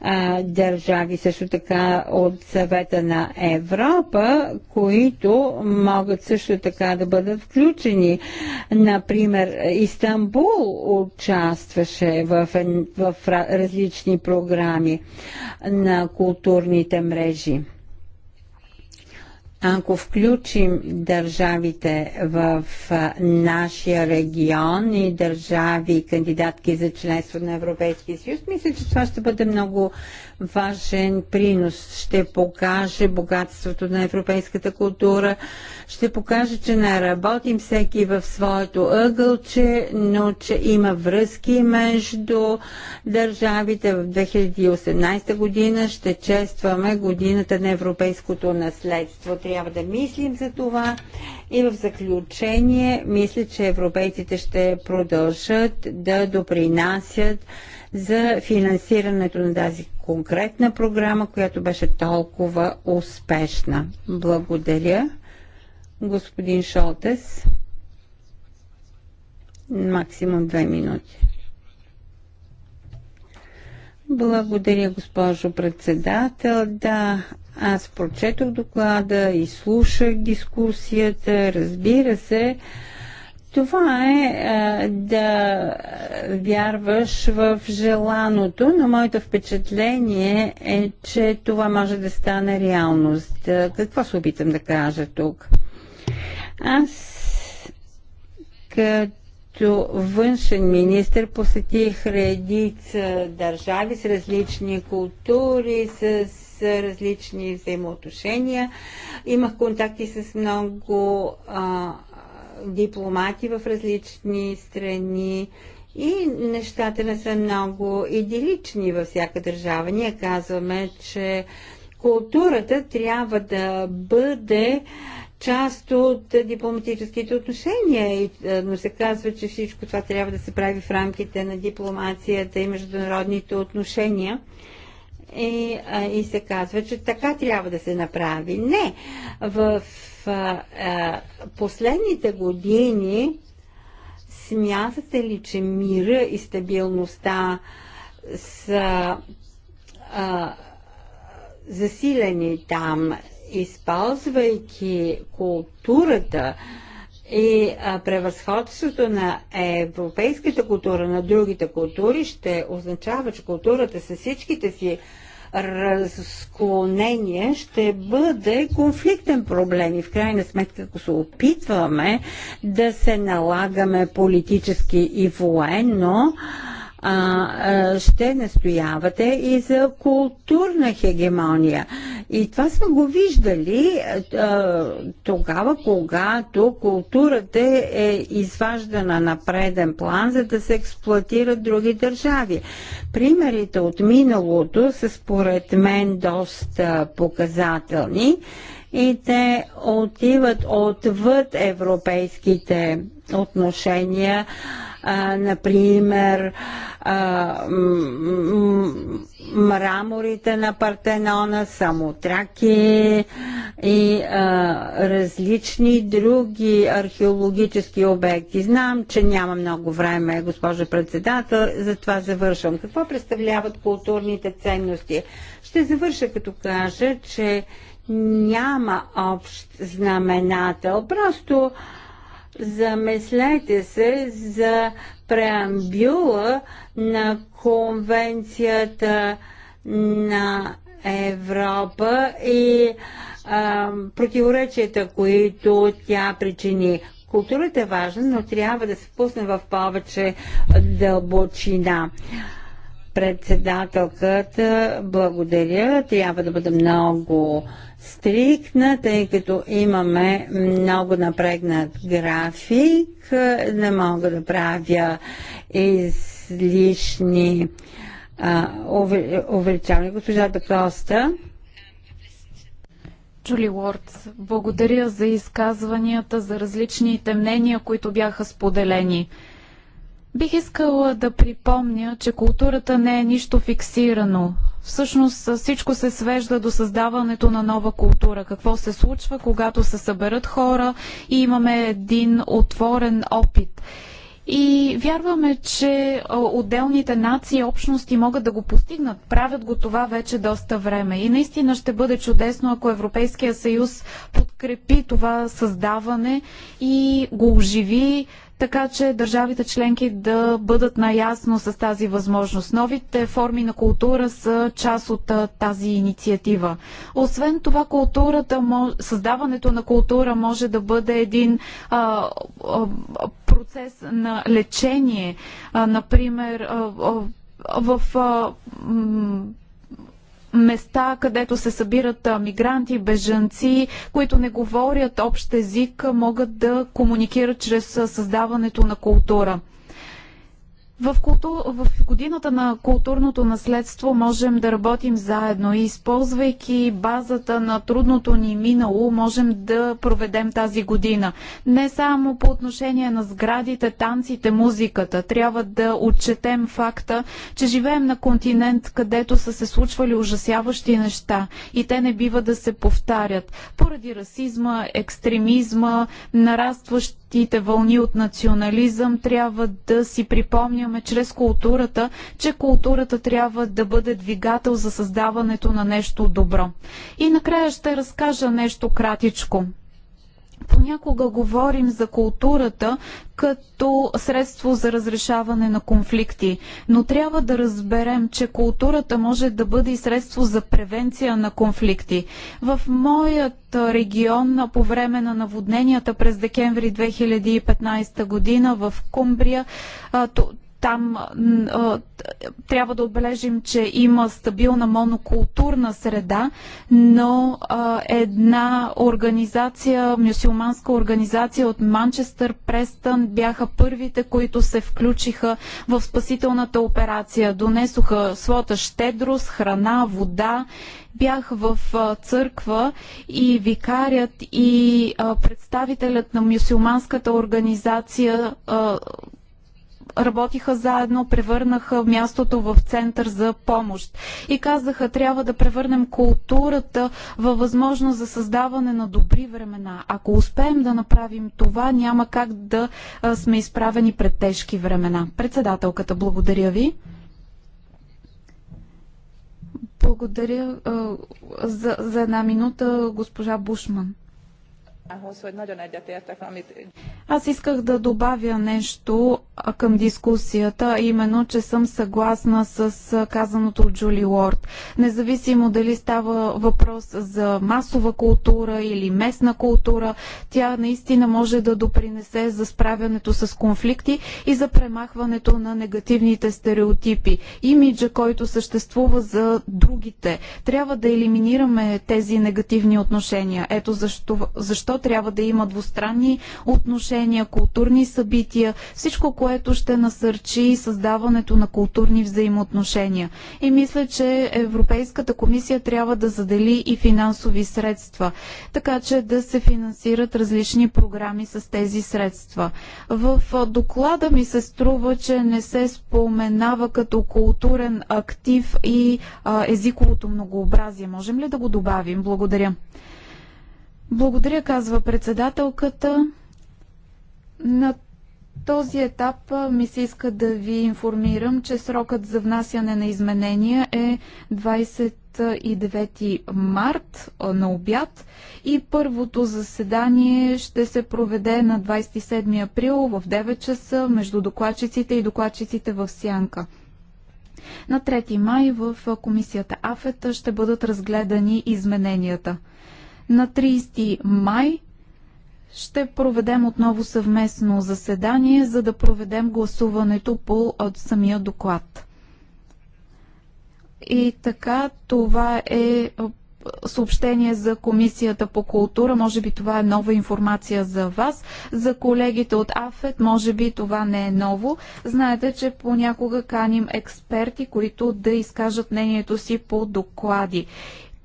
C: а, държави също така от съвета на Европа, които могат също така да бъдат включени. Например, Истанбул участваше в, в различни програми на културните мрежи. Ако включим държавите в нашия регион и държави кандидатки за членство на Европейския съюз, мисля, че това ще бъде много важен принос. Ще покаже богатството на европейската култура, ще покаже, че не работим всеки в своето ъгълче, но че има връзки между държавите. В 2018 година ще честваме годината на европейското наследство. Трябва да мислим за това и в заключение мисля, че европейците ще продължат да допринасят за финансирането на тази конкретна програма, която беше толкова успешна. Благодаря, господин Шолтес. Максимум две минути. Благодаря, госпожо председател. Да, аз прочетох доклада и слушах дискусията. Разбира се, това е а, е, да вярваш в желаното, но моето впечатление е, че това може да стане реалност. Е, какво се опитам да кажа тук? Аз като външен министр посетих редица държави с различни култури, с различни взаимоотношения. Имах контакти с много а, дипломати в различни страни и нещата не са много идилични във всяка държава. Ние казваме, че културата трябва да бъде част от дипломатическите отношения. Е, но се казва, че всичко това трябва да се прави в рамките на дипломацията и международните отношения. И, е, и се казва, че така трябва да се направи. Не! В последните години смятате ли, че мира и стабилността са а, засилени там, използвайки културата и а, превъзходството на европейската култура на другите култури ще означава, че културата с всичките си разклонение ще бъде конфликтен проблем и в крайна сметка, ако се опитваме да се налагаме политически и военно, а, ще настоявате и за културна хегемония. И това сме го виждали а, тогава, когато културата е изваждана на преден план, за да се експлуатират други държави. Примерите от миналото са според мен доста показателни и те отиват отвъд европейските отношения а, например, а, мраморите на Партенона, самотраки и а, различни други археологически обекти. Знам, че няма много време, госпожа председател, затова завършвам. Какво представляват културните ценности? Ще завърша като кажа, че няма общ знаменател. Просто а, Замислете се за преамбюла на конвенцията на Европа и а, противоречията, които тя причини. Културата е важна, но трябва да се пусне в повече дълбочина. Председателката, благодаря. Трябва да бъде много стрикна, тъй като имаме много напрегнат график, не мога да правя излишни увеличавания. Госпожа Коста.
A: Джули Уорд, благодаря за изказванията, за различните мнения, които бяха споделени. Бих искала да припомня, че културата не е нищо фиксирано. Всъщност всичко се свежда до създаването на нова култура. Какво се случва, когато се съберат хора и имаме един отворен опит. И вярваме, че отделните нации и общности могат да го постигнат. Правят го това вече доста време. И наистина ще бъде чудесно, ако Европейския съюз подкрепи това създаване и го оживи така че държавите членки да бъдат наясно с тази възможност. Новите форми на култура са част от тази инициатива. Освен това, културата, създаването на култура може да бъде един а, а, процес на лечение. А, например, а, а, в а, места, където се събират мигранти, бежанци, които не говорят общ език, могат да комуникират чрез създаването на култура. В, култу... в годината на културното наследство можем да работим заедно и използвайки базата на трудното ни минало, можем да проведем тази година. Не само по отношение на сградите, танците, музиката. Трябва да отчетем факта, че живеем на континент, където са се случвали ужасяващи неща и те не бива да се повтарят. Поради расизма, екстремизма, нарастващ тите вълни от национализъм, трябва да си припомняме чрез културата, че културата трябва да бъде двигател за създаването на нещо добро. И накрая ще разкажа нещо кратичко понякога говорим за културата като средство за разрешаване на конфликти, но трябва да разберем, че културата може да бъде и средство за превенция на конфликти. В моят регион по време на наводненията през декември 2015 година в Кумбрия там трябва да отбележим, че има стабилна монокултурна среда, но една организация, мюсюлманска организация от Манчестър, Престън, бяха първите, които се включиха в спасителната операция. Донесоха своята щедрост, храна, вода бях в църква и викарят и представителят на мюсюлманската организация работиха заедно, превърнаха мястото в център за помощ. И казаха, трябва да превърнем културата във възможност за създаване на добри времена. Ако успеем да направим това, няма как да сме изправени пред тежки времена. Председателката, благодаря ви. Благодаря за, за една минута, госпожа Бушман. Аз исках да добавя нещо към дискусията, именно, че съм съгласна с казаното от Джули Уорд. Независимо дали става въпрос за масова култура или местна култура, тя наистина може да допринесе за справянето с конфликти и за премахването на негативните стереотипи. Имиджа, който съществува за другите. Трябва да елиминираме тези негативни отношения. Ето защо, защо трябва да има двустранни отношения, културни събития, всичко, което ще насърчи създаването на културни взаимоотношения. И мисля, че Европейската комисия трябва да задели и финансови средства, така че да се финансират различни програми с тези средства. В доклада ми се струва, че не се споменава като културен актив и а, езиковото многообразие. Можем ли да го добавим? Благодаря. Благодаря, казва председателката. На този етап ми се иска да ви информирам, че срокът за внасяне на изменения е 29 март на обяд и първото заседание ще се проведе на 27 април в 9 часа между докладчиците и докладчиците в Сянка. На 3 май в комисията АФЕТА ще бъдат разгледани измененията. На 30 май ще проведем отново съвместно заседание, за да проведем гласуването по самия доклад. И така, това е съобщение за Комисията по култура. Може би това е нова информация за вас. За колегите от АФЕТ, може би това не е ново. Знаете, че понякога каним експерти, които да изкажат мнението си по доклади.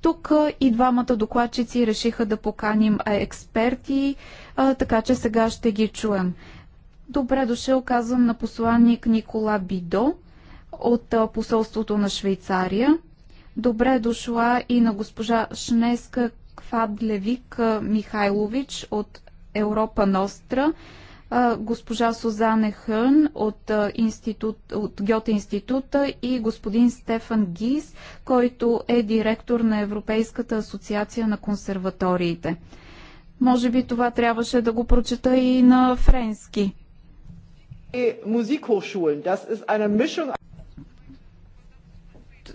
A: Тук и двамата докладчици решиха да поканим експерти, така че сега ще ги чуем. Добре дошъл, казвам на посланник Никола Бидо от посолството на Швейцария. Добре дошла и на госпожа Шнеска Квадлевик Михайлович от Европа Ностра, госпожа Сузане Хърн от, институт, от Гьоте института и господин Стефан Гис, който е директор на Европейската асоциация на консерваториите. Може би това трябваше да го прочета и на френски.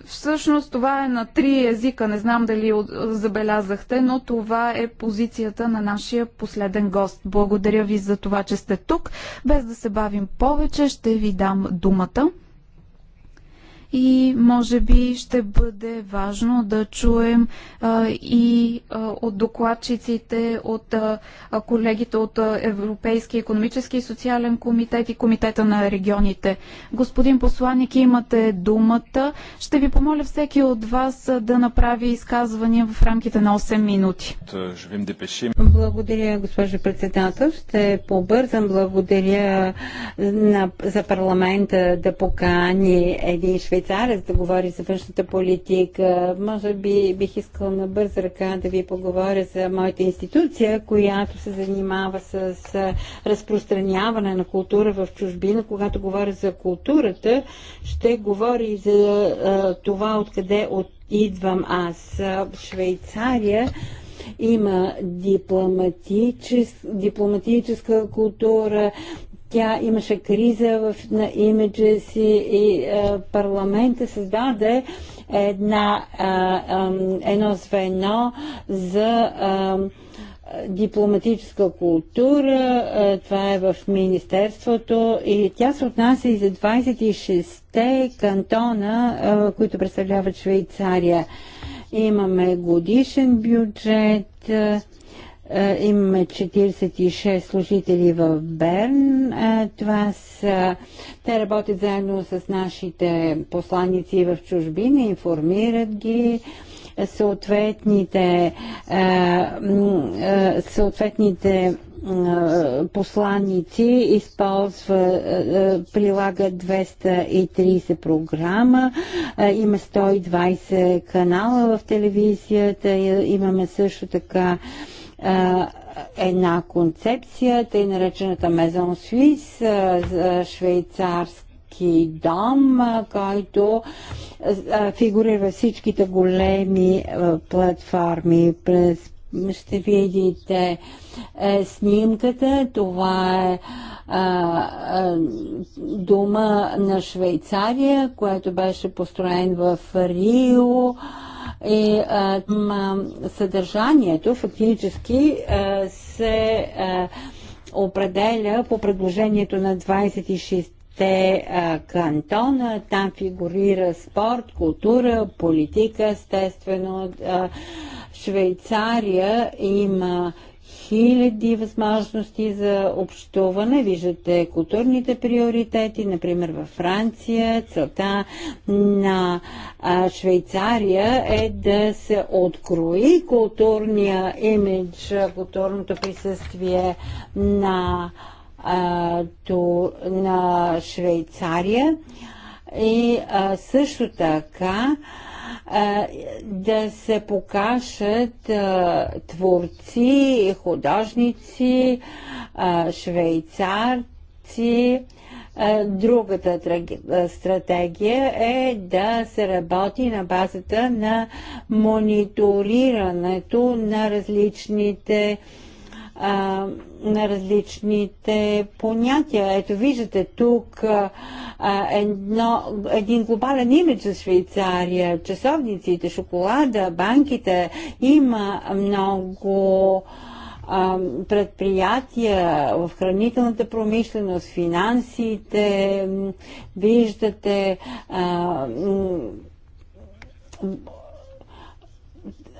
A: Всъщност това е на три езика, не знам дали забелязахте, но това е позицията на нашия последен гост. Благодаря ви за това, че сте тук. Без да се бавим повече, ще ви дам думата и може би ще бъде важно да чуем а, и а, от докладчиците, от а, колегите от Европейския економически и социален комитет и комитета на регионите. Господин посланник, имате думата. Ще ви помоля всеки от вас да направи изказвания в рамките на 8 минути.
C: Благодаря, госпожо председател. Ще побързам. Благодаря на, за парламента да покани един швейцар швейцарец да говори за външната политика. Може би бих искал на бърза ръка да ви поговоря за моята институция, която се занимава с разпространяване на култура в чужбина. Когато говоря за културата, ще говори и за това откъде от идвам аз. Швейцария има дипломатическа култура, тя имаше криза в, на имиджа си и а, е, парламента създаде една, а, е, а, едно звено за а, дипломатическа култура, е, това е в Министерството и тя се отнася и за 26-те кантона, които представляват Швейцария. Имаме годишен бюджет, е, имаме 46 служители в Берн. Е, това са, те работят заедно с нашите посланици в чужбина, информират ги съответните, е, съответните посланици използва, прилага 230 програма, има 120 канала в телевизията, имаме също така една концепция, тъй наречената Мезон Суис, швейцарски дом, който фигурира всичките големи платформи през ще видите е, снимката. Това е е, дома на Швейцария, което беше построен в Рио. И а, съдържанието фактически а, се а, определя по предложението на 26 те а, кантона, там фигурира спорт, култура, политика, естествено. А, Швейцария има хиляди възможности за общуване. Виждате културните приоритети, например във Франция. Целта на Швейцария е да се открои културния имидж, културното присъствие на, на Швейцария. И също така да се покажат творци, художници, швейцарци, Другата стратегия е да се работи на базата на мониторирането на различните а, на различните понятия. Ето виждате тук а, едно, един глобален имидж за Швейцария, часовниците, шоколада, банките. Има много предприятия в хранителната промишленост, финансите, виждате а,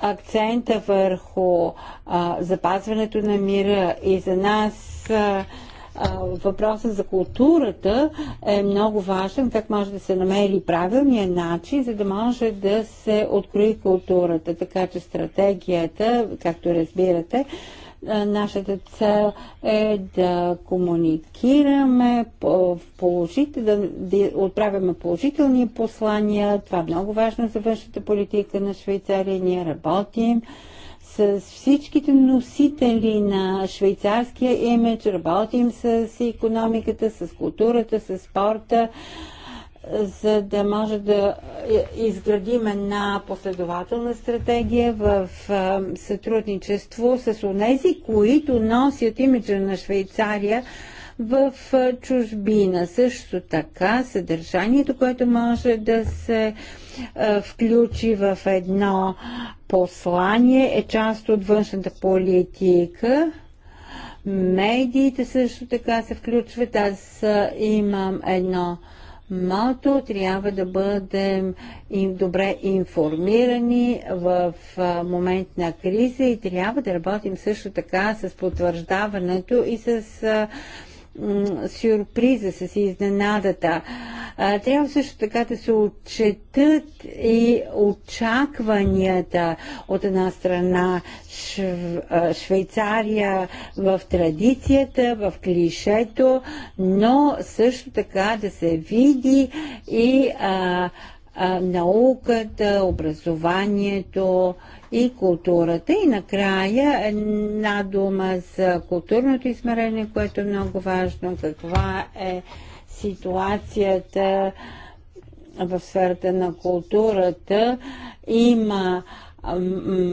C: акцента върху а, запазването на мира и за нас а, въпросът за културата е много важен, как може да се намери правилния начин, за да може да се открои културата. Така че стратегията, както разбирате, Нашата цел е да комуникираме, положите, да, да отправяме положителни послания. Това е много важно за външната политика на Швейцария. Ние работим с всичките носители на швейцарския имидж, работим с економиката, с културата, с спорта, за да може да изградим една последователна стратегия в сътрудничество с онези, които носят имиджа на Швейцария в чужбина. Също така съдържанието, което може да се включи в едно послание, е част от външната политика. Медиите също така се включват. Аз имам едно Малко трябва да бъдем им добре информирани в момент на криза и трябва да работим също така с потвърждаването и с сюрприза, с изненадата. Трябва също така да се отчетат и очакванията от една страна Швейцария в традицията, в клишето, но също така да се види и а, а, науката, образованието и културата. И накрая една дума за културното измерение, което е много важно. Каква е ситуацията в сферата на културата? Има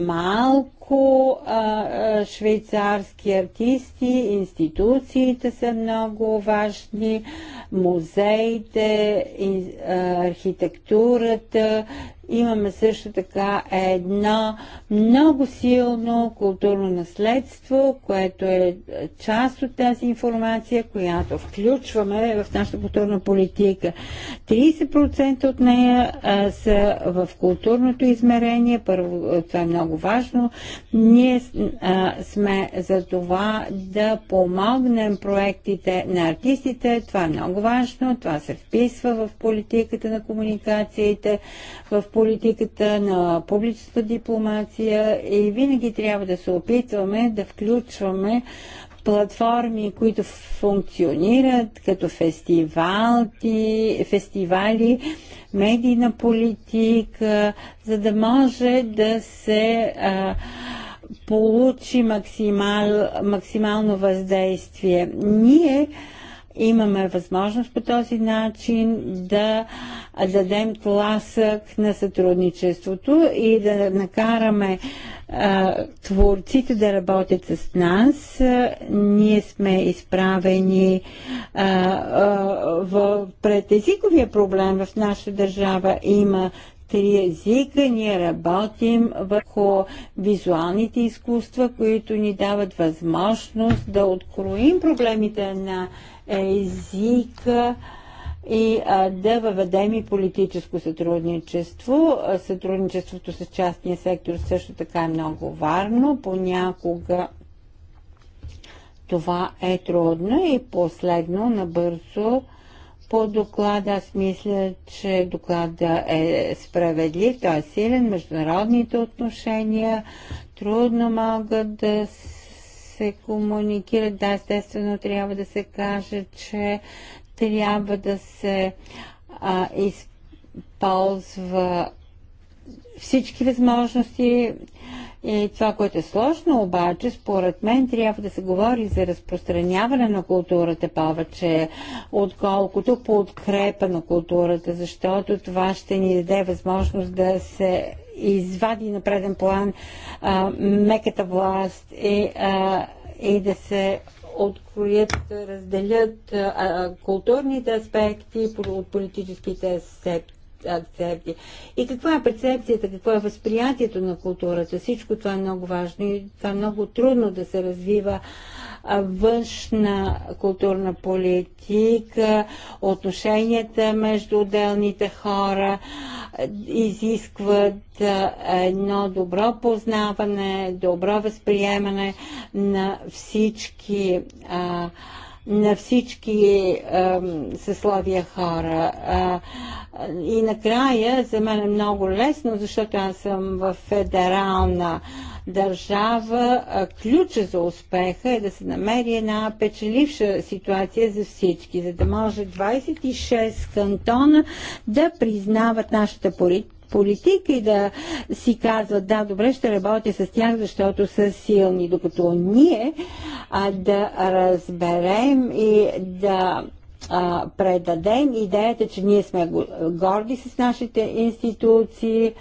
C: малко а, швейцарски артисти, институциите са много важни, музеите, архитектурата, Имаме също така едно много силно културно наследство, което е част от тази информация, която включваме в нашата културна политика. 30% от нея а, са в културното измерение. Първо, това е много важно. Ние а, сме за това да помогнем проектите на артистите. Това е много важно. Това се вписва в политиката на комуникациите, в политиката политиката, на публичната дипломация и винаги трябва да се опитваме да включваме платформи, които функционират като фестивали, фестивали медийна политика, за да може да се а, получи максимал, максимално въздействие. Ние а, имаме възможност по този начин да дадем тласък на сътрудничеството и да накараме а, творците да работят с нас. ние сме изправени а, в, пред езиковия проблем в нашата държава. Има три езика. Ние работим върху визуалните изкуства, които ни дават възможност да откроим проблемите на езика и а, да въведем и политическо сътрудничество. Сътрудничеството с частния сектор също така е много важно. Понякога това е трудно и последно набързо по доклада аз мисля, че доклада е справедлив, той е силен, международните отношения трудно могат да се се комуникират. Да, естествено трябва да се каже, че трябва да се а, използва всички възможности. И това, което е сложно, обаче, според мен, трябва да се говори за разпространяване на културата повече, отколкото подкрепа на културата, защото това ще ни даде възможност да се извади на преден план а, меката власт и, е, а, и е да се откроят, разделят а, културните аспекти от политическите сектори акцепти. И каква е перцепцията, какво е възприятието на културата. Всичко това е много важно и това е много трудно да се развива външна културна политика, отношенията между отделните хора изискват едно добро познаване, добро възприемане на всички а, на всички съсловия хора. И накрая за мен е много лесно, защото аз съм в федерална държава. Ключа за успеха е да се намери една печеливша ситуация за всички, за да може 26 кантона да признават нашата политика политика и да си казват, да, добре, ще работя с тях, защото са силни, докато ние а, да разберем и да а, предадем идеята, че ние сме горди с нашите институции,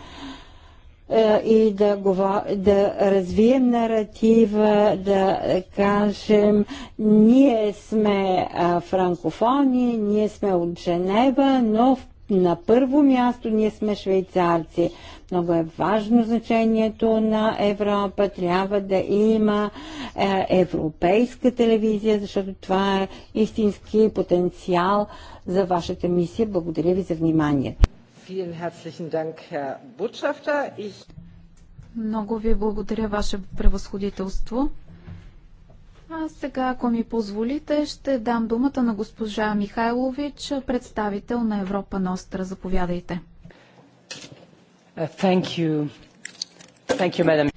C: и да, говор... да развием наратива, да кажем, ние сме а, франкофони, ние сме от Женева, но в на първо място ние сме швейцарци. Много е важно значението на Европа. Трябва да има е, европейска телевизия, защото това е истински потенциал за вашата мисия. Благодаря ви за вниманието.
A: Много ви благодаря, Ваше превъзходителство. А сега, ако ми позволите, ще дам думата на госпожа Михайлович, представител на Европа Ностра. Заповядайте.
C: Uh, thank you. Thank you,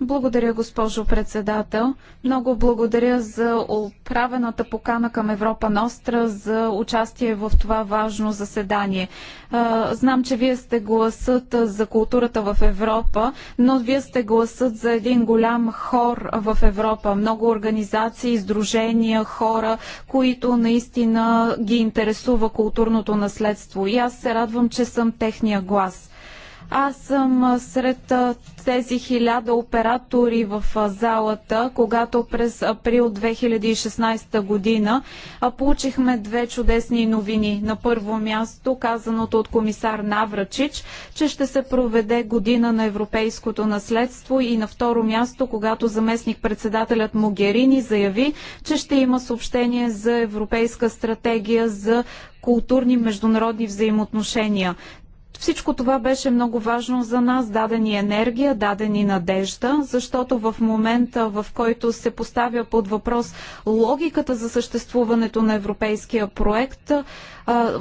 A: благодаря, госпожо председател. Много благодаря за отправената покана към Европа Ностра за участие в това важно заседание. Знам, че вие сте гласът за културата в Европа, но вие сте гласът за един голям хор в Европа. Много организации, издружения, хора, които наистина ги интересува културното наследство. И аз се радвам, че съм техния глас. Аз съм сред тези хиляда оператори в залата, когато през април 2016 година получихме две чудесни новини. На първо място казаното от комисар Наврачич, че ще се проведе година на европейското наследство и на второ място, когато заместник председателят Могерини заяви, че ще има съобщение за европейска стратегия за културни международни взаимоотношения. Всичко това беше много важно за нас, даде ни енергия, даде ни надежда, защото в момента, в който се поставя под въпрос логиката за съществуването на европейския проект,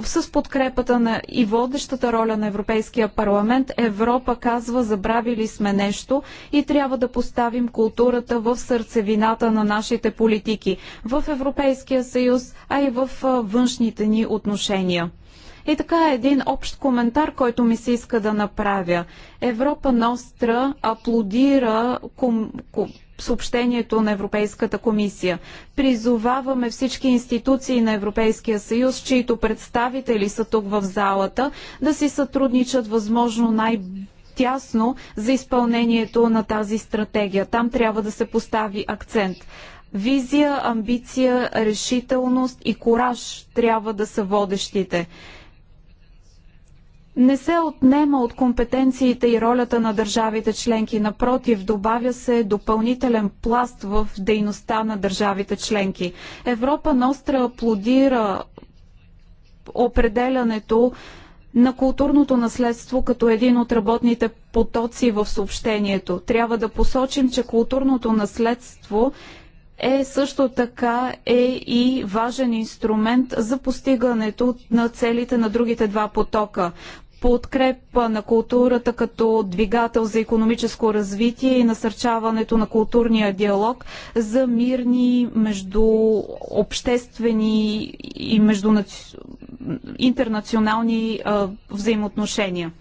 A: с подкрепата на и водещата роля на Европейския парламент, Европа казва, забравили сме нещо и трябва да поставим културата в сърцевината на нашите политики в Европейския съюз, а и в външните ни отношения. И така е един общ коментар, който ми се иска да направя. Европа Ностра аплодира ком, ком, съобщението на Европейската комисия. Призоваваме всички институции на Европейския съюз, чието представители са тук в залата, да си сътрудничат възможно най- тясно за изпълнението на тази стратегия. Там трябва да се постави акцент. Визия, амбиция, решителност и кораж трябва да са водещите не се отнема от компетенциите и ролята на държавите членки. Напротив, добавя се допълнителен пласт в дейността на държавите членки. Европа Ностра аплодира определянето на културното наследство като един от работните потоци в съобщението. Трябва да посочим, че културното наследство е също така е и важен инструмент за постигането на целите на другите два потока подкрепа на културата като двигател за економическо развитие и насърчаването на културния диалог за мирни между обществени и между интернационални взаимоотношения.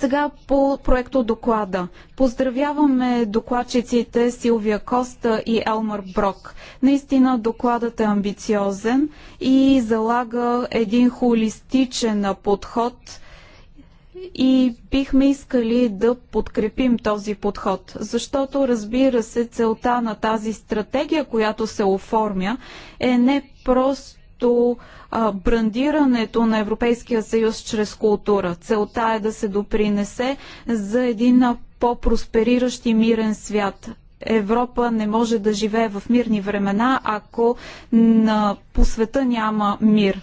A: Сега по проекто доклада. Поздравяваме докладчиците Силвия Коста и Елмар Брок. Наистина докладът е амбициозен и залага един холистичен подход и бихме искали да подкрепим този подход, защото разбира се целта на тази стратегия, която се оформя, е не просто като а, брандирането на Европейския съюз чрез култура. Целта е да се допринесе за един по-проспериращ и мирен свят. Европа не може да живее в мирни времена, ако на, по света няма мир.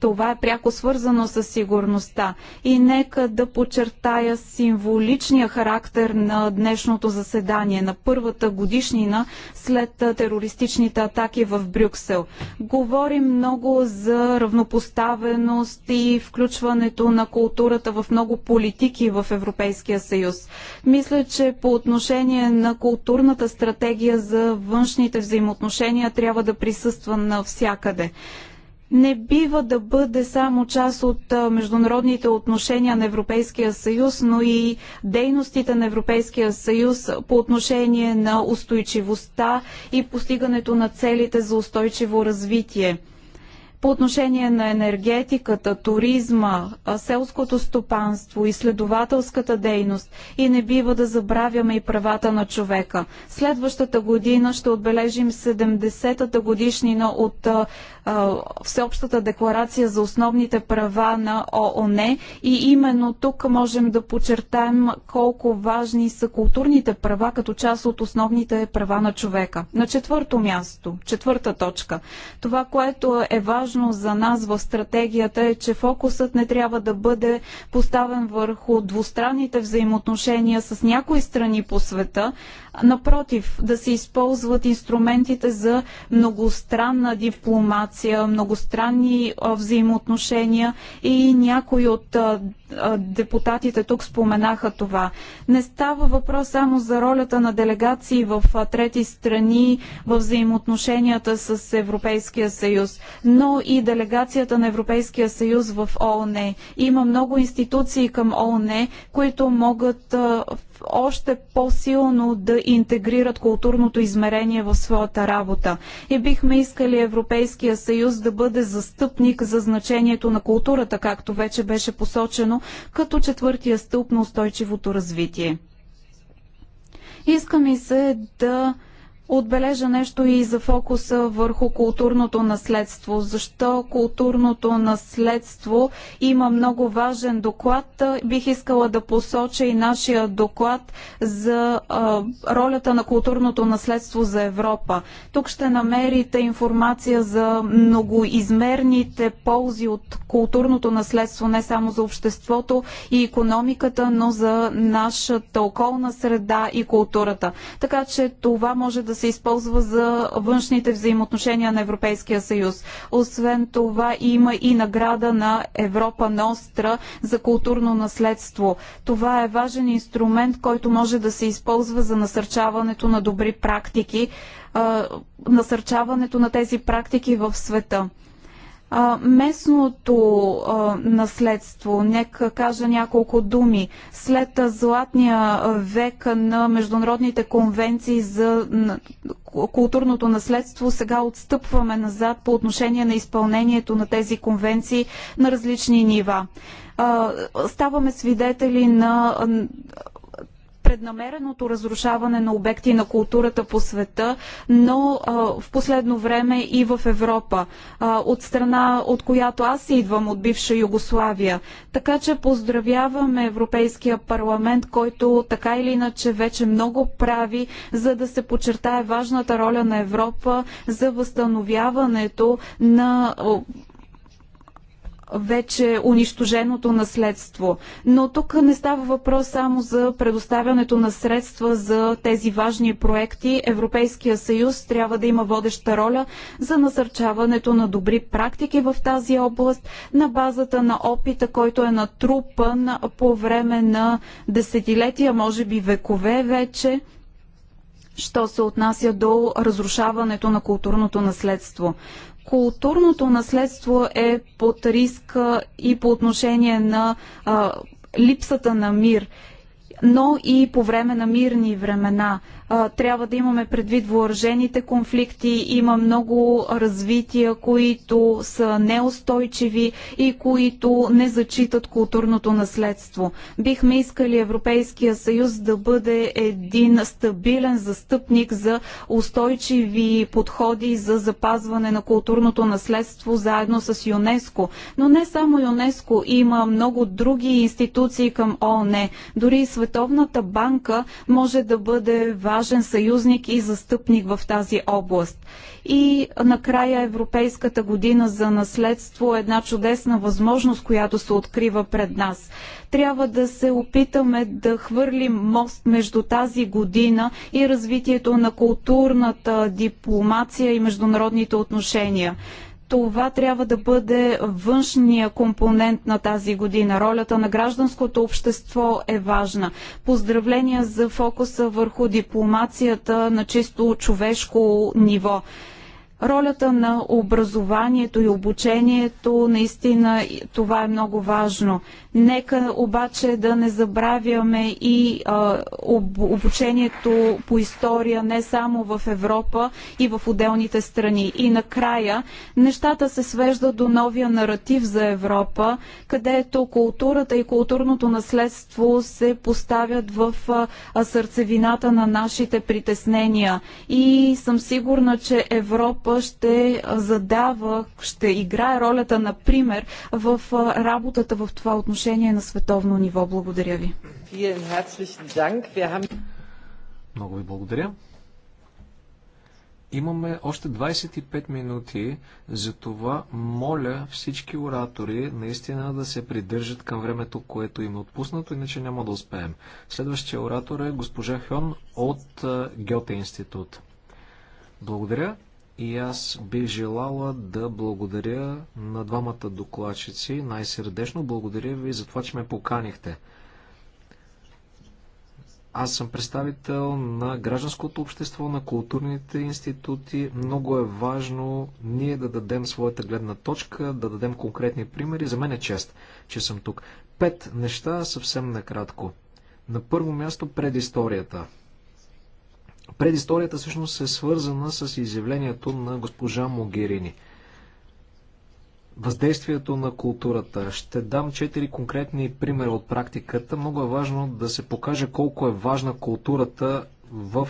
A: Това е пряко свързано с сигурността. И нека да подчертая символичния характер на днешното заседание, на първата годишнина след терористичните атаки в Брюксел. Говорим много за равнопоставеност и включването на културата в много политики в Европейския съюз. Мисля, че по отношение на културната стратегия за външните взаимоотношения трябва да присъства навсякъде не бива да бъде само част от международните отношения на Европейския съюз, но и дейностите на Европейския съюз по отношение на устойчивостта и постигането на целите за устойчиво развитие. По отношение на енергетиката, туризма, селското стопанство, изследователската дейност и не бива да забравяме и правата на човека. Следващата година ще отбележим 70-та годишнина от Всеобщата декларация за основните права на ООН и именно тук можем да подчертаем колко важни са културните права като част от основните права на човека. На четвърто място, четвърта точка. Това, което е важно за нас в стратегията е, че фокусът не трябва да бъде поставен върху двустранните взаимоотношения с някои страни по света, напротив, да се използват инструментите за многостранна дипломация информация, многостранни взаимоотношения и някои от депутатите тук споменаха това. Не става въпрос само за ролята на делегации в трети страни в взаимоотношенията с Европейския съюз, но и делегацията на Европейския съюз в ООН. Има много институции към ООН, които могат още по-силно да интегрират културното измерение в своята работа. И бихме искали Европейския съюз да бъде застъпник за значението на културата, както вече беше посочено като четвъртия стълб на устойчивото развитие. Иска ми се да отбележа нещо и за фокуса върху културното наследство. Защо културното наследство има много важен доклад? Бих искала да посоча и нашия доклад за а, ролята на културното наследство за Европа. Тук ще намерите информация за многоизмерните ползи от културното наследство не само за обществото и економиката, но за нашата околна среда и културата. Така че това може да се използва за външните взаимоотношения на Европейския съюз. Освен това има и награда на Европа Ностра за културно наследство. Това е важен инструмент, който може да се използва за насърчаването на добри практики, насърчаването на тези практики в света а, местното а, наследство. Нека кажа няколко думи. След а, златния век на международните конвенции за на, културното наследство, сега отстъпваме назад по отношение на изпълнението на тези конвенции на различни нива ставаме свидетели на преднамереното разрушаване на обекти на културата по света, но в последно време и в Европа, от страна, от която аз идвам, от бивша Югославия. Така че поздравяваме Европейския парламент, който така или иначе вече много прави, за да се подчертае важната роля на Европа за възстановяването на вече унищоженото наследство. Но тук не става въпрос само за предоставянето на средства за тези важни проекти. Европейския съюз трябва да има водеща роля за насърчаването на добри практики в тази област на базата на опита, който е натрупан по време на десетилетия, може би векове вече що се отнася до разрушаването на културното наследство културното наследство е под риск и по отношение на а, липсата на мир, но и по време на мирни времена трябва да имаме предвид въоръжените конфликти. Има много развития, които са неустойчиви и които не зачитат културното наследство. Бихме искали Европейския съюз да бъде един стабилен застъпник за устойчиви подходи за запазване на културното наследство заедно с ЮНЕСКО. Но не само ЮНЕСКО, има много други институции към ООН. Дори и Световната банка може да бъде важна важен съюзник и застъпник в тази област. И накрая Европейската година за наследство е една чудесна възможност, която се открива пред нас. Трябва да се опитаме да хвърлим мост между тази година и развитието на културната дипломация и международните отношения това трябва да бъде външния компонент на тази година. Ролята на гражданското общество е важна. Поздравления за фокуса върху дипломацията на чисто човешко ниво ролята на образованието и обучението, наистина това е много важно. Нека обаче да не забравяме и а, об, обучението по история не само в Европа и в отделните страни. И накрая нещата се свеждат до новия наратив за Европа, където културата и културното наследство се поставят в а, сърцевината на нашите притеснения. И съм сигурна, че Европа група ще задава, ще играе ролята, например, в работата в това отношение на световно ниво. Благодаря ви.
B: Много ви благодаря. Имаме още 25 минути, затова моля всички оратори наистина да се придържат към времето, което им е отпуснато, иначе няма да успеем. Следващия оратор е госпожа Хьон от Гьоте институт. Благодаря. И аз бих желала да благодаря на двамата докладчици. Най-сърдечно благодаря ви за това, че ме поканихте. Аз съм представител на гражданското общество, на културните институти. Много е важно ние да дадем своята гледна точка, да дадем конкретни примери. За мен е чест, че съм тук. Пет неща съвсем накратко. На първо място предисторията. Предисторията всъщност е свързана с изявлението на госпожа Могерини. Въздействието на културата. Ще дам четири конкретни примера от практиката. Много е важно да се покаже колко е важна културата в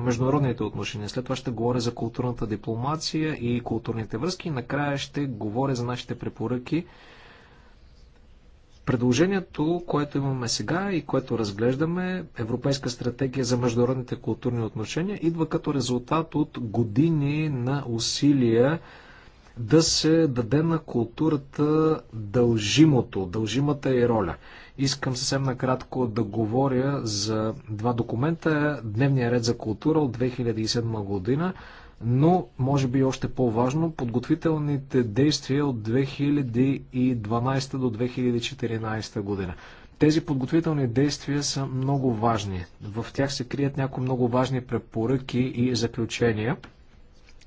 B: международните отношения. След това ще говоря за културната дипломация и културните връзки. Накрая ще говоря за нашите препоръки Предложението, което имаме сега и което разглеждаме, Европейска стратегия за международните културни отношения, идва като резултат от години на усилия да се даде на културата дължимото, дължимата и е роля. Искам съвсем накратко да говоря за два документа. Дневния ред за култура от 2007 година но може би още по-важно, подготвителните действия от 2012 до 2014 година. Тези подготвителни действия са много важни. В тях се крият някои много важни препоръки и заключения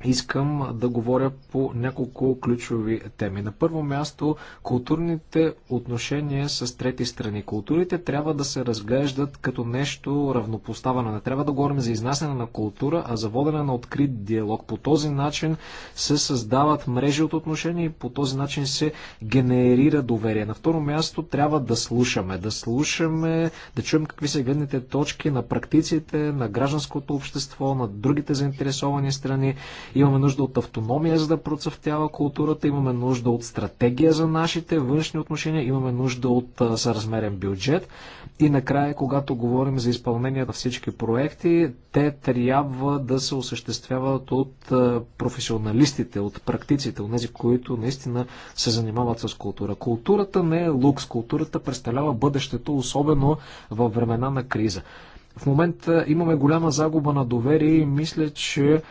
B: искам да говоря по няколко ключови теми. На първо място, културните отношения с трети страни. Културите трябва да се разглеждат като нещо равнопоставено. Не трябва да говорим за изнасяне на култура, а за водене на открит диалог. По този начин се създават мрежи от отношения и по този начин се генерира доверие. На второ място, трябва да слушаме. Да слушаме, да чуем какви са гледните точки на практиците, на гражданското общество, на другите заинтересовани страни Имаме нужда от автономия, за да процъфтява културата. Имаме нужда от стратегия за нашите външни отношения. Имаме нужда от съразмерен бюджет. И накрая, когато говорим за изпълнение на всички проекти, те трябва да се осъществяват от професионалистите, от практиците, от тези, които наистина се занимават с култура. Културата не е лукс. Културата представлява бъдещето, особено във времена на криза. В момента имаме голяма загуба на доверие и мисля, че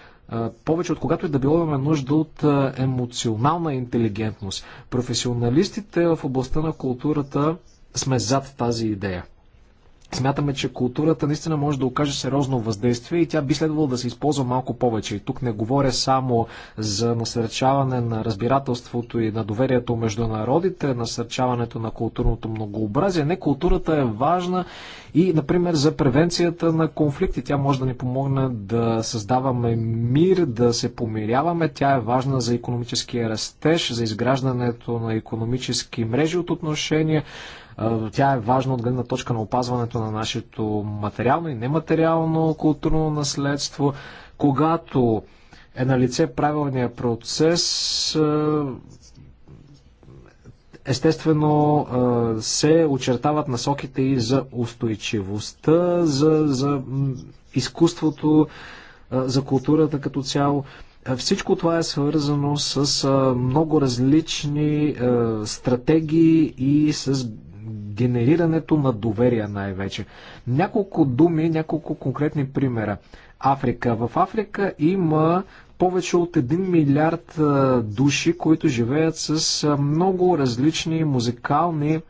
B: повече от когато и да било имаме нужда от емоционална интелигентност. Професионалистите в областта на културата сме зад тази идея. Смятаме, че културата наистина може да окаже сериозно въздействие и тя би следвало да се използва малко повече. И тук не говоря само за насърчаване на разбирателството и на доверието между народите, насърчаването на културното многообразие. Не, културата е важна и, например, за превенцията на конфликти. Тя може да ни помогне да създаваме мир, да се помиряваме. Тя е важна за економическия растеж, за изграждането на економически мрежи от отношения тя е важна от гледна точка на опазването на нашето материално и нематериално културно наследство. Когато е на лице правилния процес, естествено се очертават насоките и за устойчивостта, за, за изкуството, за културата като цяло. Всичко това е свързано с много различни стратегии и с генерирането на доверие най-вече. Няколко думи, няколко конкретни примера. Африка. В Африка има повече от 1 милиард души, които живеят с много различни музикални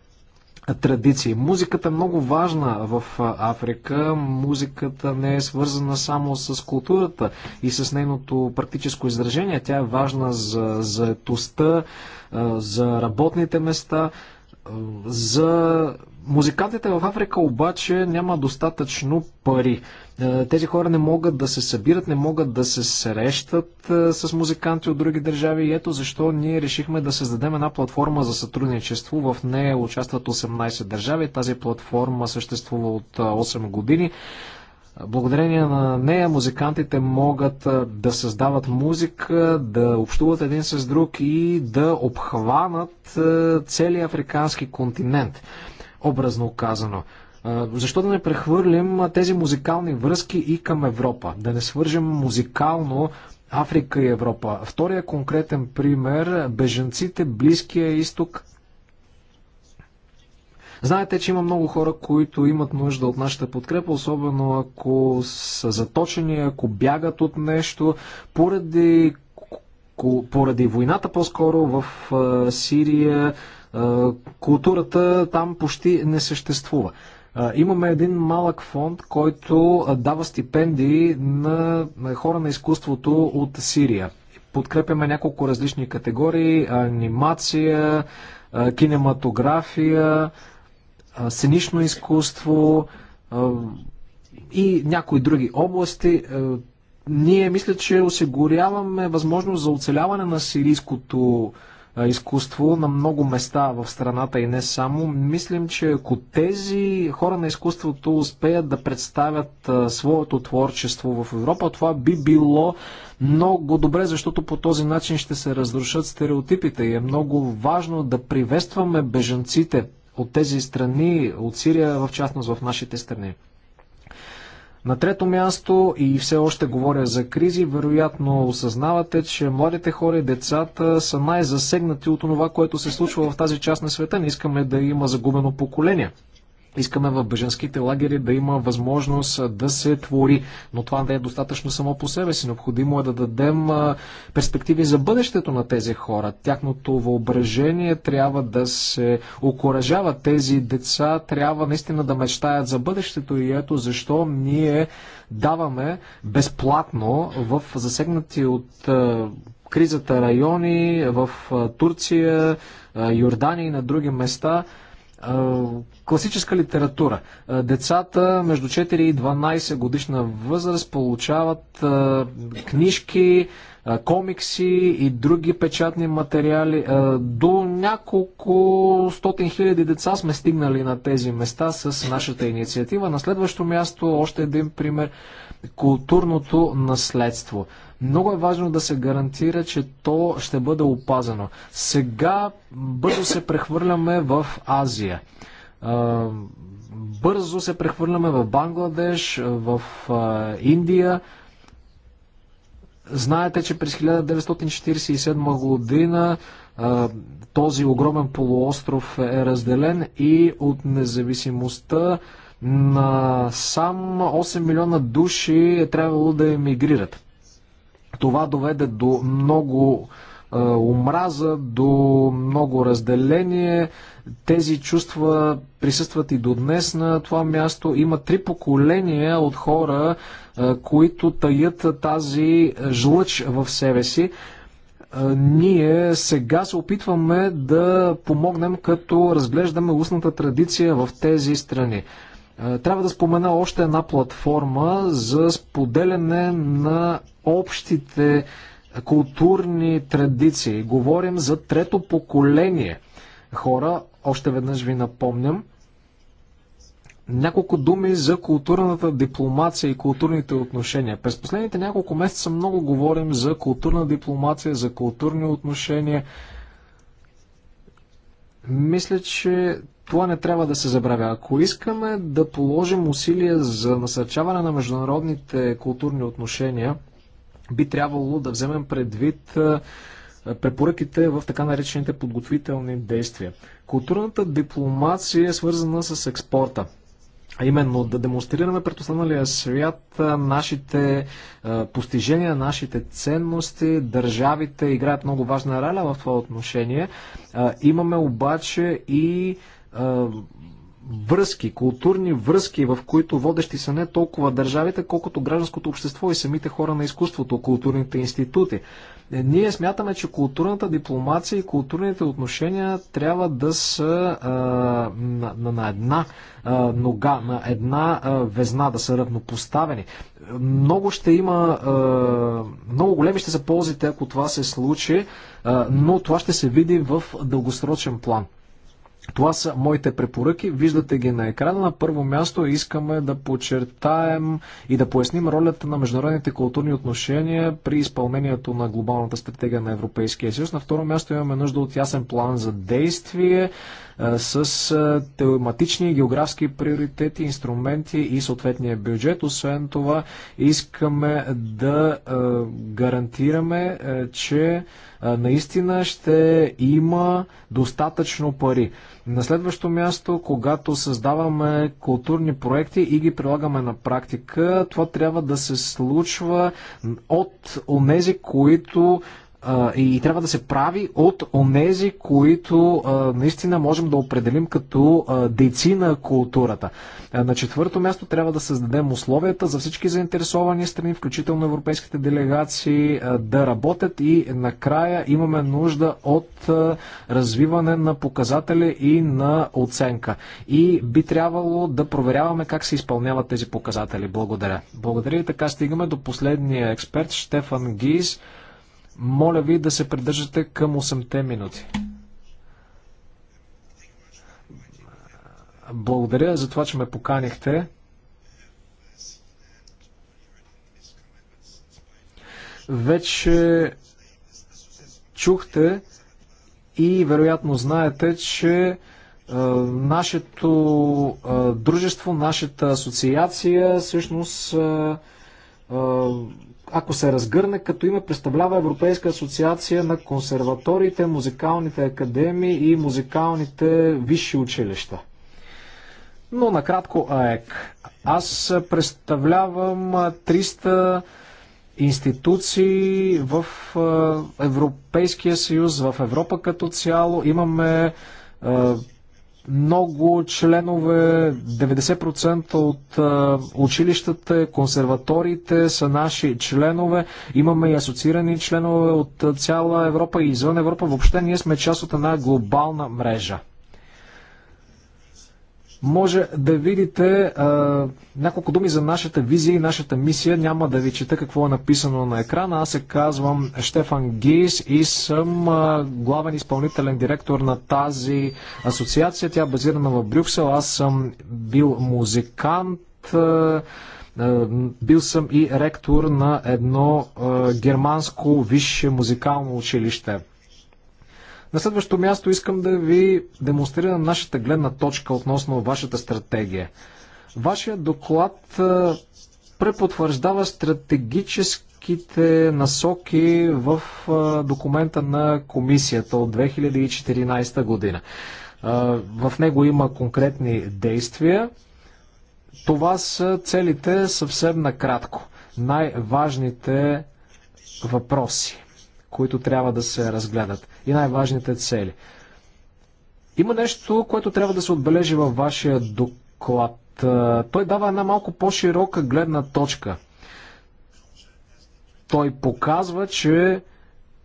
B: традиции. Музиката е много важна в Африка. Музиката не е свързана само с културата и с нейното практическо изражение. Тя е важна за заетостта, за работните места. За музикантите в Африка обаче няма достатъчно пари. Е, тези хора не могат да се събират, не могат да се срещат е, с музиканти от други държави и ето защо ние решихме да създадем една платформа за сътрудничество. В нея участват 18 държави. Тази платформа съществува от 8 е, години. Благодарение на нея музикантите могат да създават музика, да общуват един с друг и да обхванат целия африкански континент, образно казано. Защо да не прехвърлим тези музикални връзки и към Европа? Да не свържем музикално Африка и Европа. Втория конкретен пример беженците Близкия изток, Знаете, че има много хора, които имат нужда от нашата подкрепа, особено ако са заточени, ако бягат от нещо, поради, поради войната по-скоро в Сирия, културата там почти не съществува. Имаме един малък фонд, който дава стипендии на хора на изкуството от Сирия. Подкрепяме няколко различни категории анимация, кинематография, сценично изкуство и някои други области. Ние мисля, че осигуряваме възможност за оцеляване на сирийското изкуство на много места в страната и не само. Мислим, че ако тези хора на изкуството успеят да представят своето творчество в Европа, това би било много добре, защото по този начин ще се разрушат стереотипите и е много важно да приветстваме бежанците от тези страни, от Сирия, в частност в нашите страни. На трето място и все още говоря за кризи, вероятно осъзнавате, че младите хора и децата са най-засегнати от това, което се случва в тази част на света. Не искаме да има загубено поколение Искаме в беженските лагери да има възможност да се твори, но това не е достатъчно само по себе си. Необходимо е да дадем перспективи за бъдещето на тези хора. Тяхното въображение трябва да се окоръжава. Тези деца трябва наистина да мечтаят за бъдещето и ето защо ние даваме безплатно в засегнати от кризата райони, в Турция, Йордания и на други места – класическа литература. Децата между 4 и 12 годишна възраст получават книжки, комикси и други печатни материали. До няколко стотин хиляди деца сме стигнали на тези места с нашата инициатива. На следващо място още един пример културното наследство. Много е важно да се гарантира, че то ще бъде опазено. Сега бързо се прехвърляме в Азия. Бързо се прехвърляме в Бангладеш, в Индия. Знаете, че през 1947 година този огромен полуостров е разделен и от независимостта на сам 8 милиона души е трябвало да емигрират. Това доведе до много е, омраза, до много разделение. Тези чувства присъстват и до днес на това място. Има три поколения от хора, е, които таят тази жлъч в себе си е, ние сега се опитваме да помогнем, като разглеждаме устната традиция в тези страни. Е, трябва да спомена още една платформа за споделяне на общите културни традиции. Говорим за трето поколение хора. Още веднъж ви напомням. Няколко думи за културната дипломация и културните отношения. През последните няколко месеца много говорим за културна дипломация, за културни отношения. Мисля, че това не трябва да се забравя. Ако искаме да положим усилия за насърчаване на международните културни отношения, би трябвало да вземем предвид препоръките в така наречените подготвителни действия. Културната дипломация е свързана с експорта. А именно да демонстрираме пред останалия свят нашите постижения, нашите ценности. Държавите играят много важна роля в това отношение. имаме обаче и връзки, културни връзки, в които водещи са не толкова държавите, колкото гражданското общество и самите хора на изкуството, културните институти. Е, ние смятаме, че културната дипломация и културните отношения трябва да са а, на, на една а, нога, на една а, везна, да са равнопоставени. Много ще има, а, много големи ще са ползите, ако това се случи, а, но това ще се види в дългосрочен план. Това са моите препоръки, виждате ги на екрана. На първо място искаме да подчертаем и да поясним ролята на международните културни отношения при изпълнението на глобалната стратегия на Европейския съюз. На второ място имаме нужда от ясен план за действие е, с е, тематични географски приоритети, инструменти и съответния бюджет. Освен това, искаме да е, гарантираме, че наистина ще има достатъчно пари. На следващо място, когато създаваме културни проекти и ги прилагаме на практика, това трябва да се случва от онези, които и трябва да се прави от онези, които наистина можем да определим като дейци на културата. На четвърто място трябва да създадем условията за всички заинтересовани страни, включително европейските делегации, да работят и накрая имаме нужда от развиване на показатели и на оценка. И би трябвало да проверяваме как се изпълняват тези показатели. Благодаря. Благодаря и така стигаме до последния експерт, Штефан Гиз моля ви да се придържате към 8-те минути. Благодаря за това, че ме поканихте. Вече чухте и вероятно знаете, че нашето дружество, нашата асоциация всъщност ако се разгърне като име, представлява Европейска асоциация на консерваториите, музикалните академии и музикалните висши училища. Но накратко АЕК. Аз представлявам 300 институции в Европейския съюз, в Европа като цяло. Имаме много членове, 90% от а, училищата, консерваториите са наши членове. Имаме и асоциирани членове от цяла Европа и извън Европа. Въобще ние сме част от една глобална мрежа може да видите а, няколко думи за нашата визия и нашата мисия. Няма да ви чета какво е написано на екрана. Аз се казвам Штефан Гис и съм а, главен изпълнителен директор на тази асоциация. Тя е базирана в Брюксел. Аз съм бил музикант. А, бил съм и ректор на едно а, германско висше музикално училище. На следващо място искам да ви демонстрирам нашата гледна точка относно вашата стратегия. Вашият доклад препотвърждава стратегическите насоки в документа на комисията от 2014 година. В него има конкретни действия. Това са целите съвсем накратко. Най-важните въпроси, които трябва да се разгледат и най-важните цели. Има нещо, което трябва да се отбележи във вашия доклад. Той дава една малко по-широка гледна точка. Той показва, че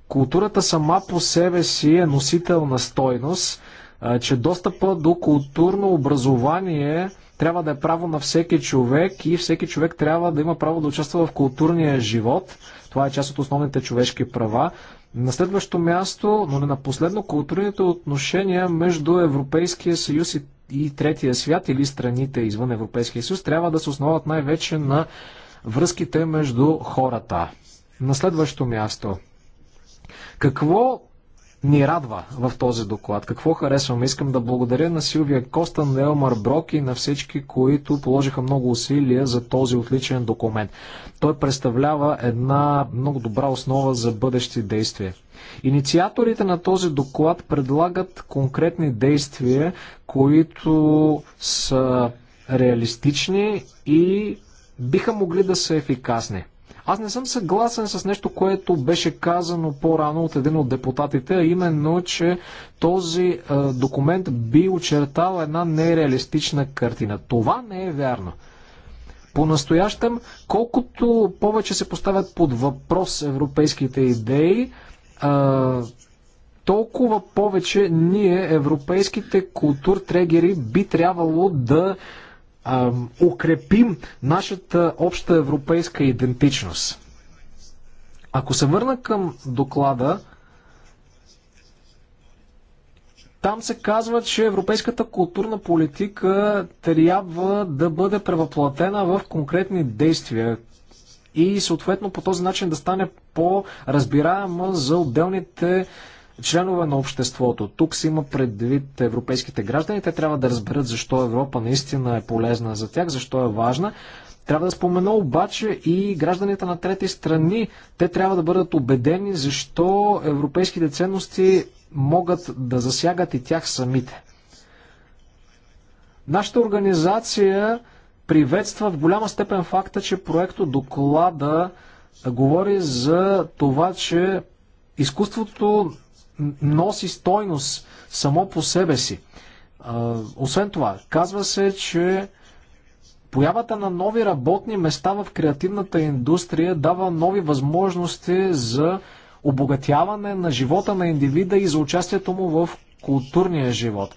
B: културата сама по себе си е носител на стойност, че достъпа до културно образование трябва да е право на всеки човек и всеки човек трябва да има право да участва в културния живот. Това е част от основните човешки права. На следващо място, но не на последно, културните отношения между Европейския съюз и, и Третия свят или страните извън Европейския съюз трябва да се основат най-вече на връзките между хората. На следващо място, какво ни радва в този доклад. Какво харесвам? Искам да благодаря на Силвия Коста, на Елмар Брок и на всички, които положиха много усилия за този отличен документ. Той представлява една много добра основа за бъдещи действия. Инициаторите на този доклад предлагат конкретни действия, които са реалистични и биха могли да са ефикасни. Аз не съм съгласен с нещо, което беше казано по-рано от един от депутатите, а именно, че този е, документ би очертал една нереалистична картина. Това не е вярно. По-настоящем, колкото повече се поставят под въпрос европейските идеи, е, толкова повече ние, европейските култур трегери, би трябвало да а, укрепим нашата обща европейска идентичност. Ако се върна към доклада, там се казва, че европейската културна политика трябва да бъде превъплатена в конкретни действия и съответно по този начин да стане по-разбираема за отделните членове на обществото. Тук се има предвид европейските граждани. Те трябва да разберат защо Европа наистина е полезна за тях, защо е важна. Трябва да спомена обаче и гражданите на трети страни. Те трябва да бъдат убедени защо европейските ценности могат да засягат и тях самите. Нашата организация приветства в голяма степен факта, че проекто доклада говори за това, че изкуството носи стойност само по себе си. Освен това, казва се, че Появата на нови работни места в креативната индустрия дава нови възможности за обогатяване на живота на индивида и за участието му в културния живот.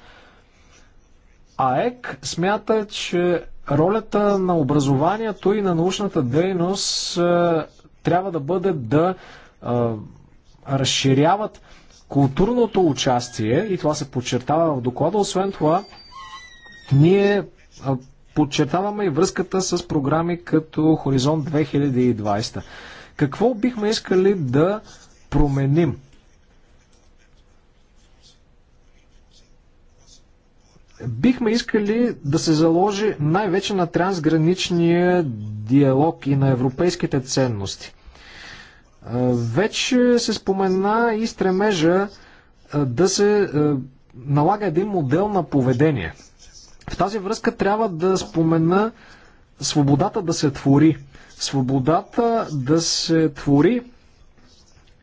B: АЕК смята, че ролята на образованието и на научната дейност трябва да бъде да разширяват културното участие, и това се подчертава в доклада, освен това, ние подчертаваме и връзката с програми като Хоризонт 2020. Какво бихме искали да променим? Бихме искали да се заложи най-вече на трансграничния диалог и на европейските ценности – вече се спомена и стремежа да се налага един модел на поведение. В тази връзка трябва да спомена свободата да се твори. Свободата да се твори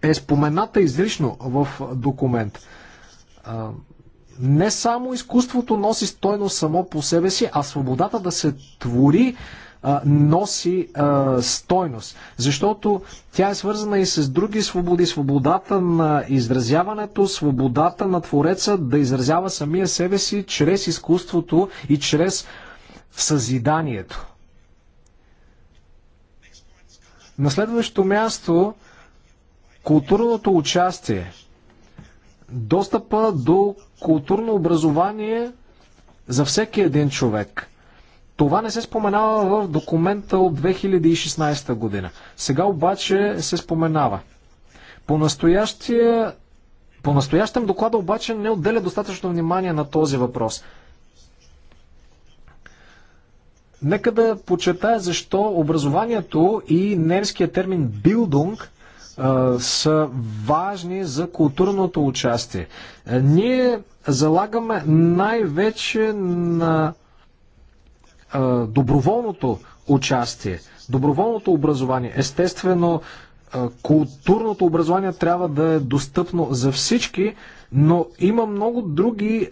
B: е спомената изрично в документ. Не само изкуството носи стойност само по себе си, а свободата да се твори носи стойност. Защото тя е свързана и с други свободи. Свободата на изразяването, свободата на твореца да изразява самия себе си чрез изкуството и чрез съзиданието. На следващото място културното участие. Достъпа до културно образование за всеки един човек. Това не се споменава в документа от 2016 година. Сега обаче се споменава. По, настоящия... по настоящем доклада обаче не отделя достатъчно внимание на този въпрос. Нека да почетая защо образованието и немския термин билдунг са важни за културното участие. Ние залагаме най-вече на доброволното участие, доброволното образование. Естествено, културното образование трябва да е достъпно за всички, но има много други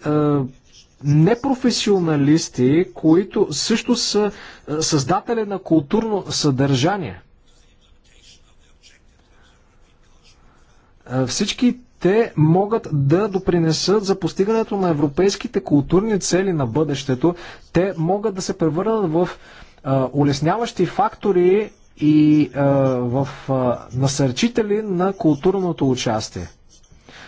B: непрофесионалисти, които също са създатели на културно съдържание. Всички те могат да допринесат за постигането на европейските културни цели на бъдещето. Те могат да се превърнат в а, улесняващи фактори и а, в а, насърчители на културното участие.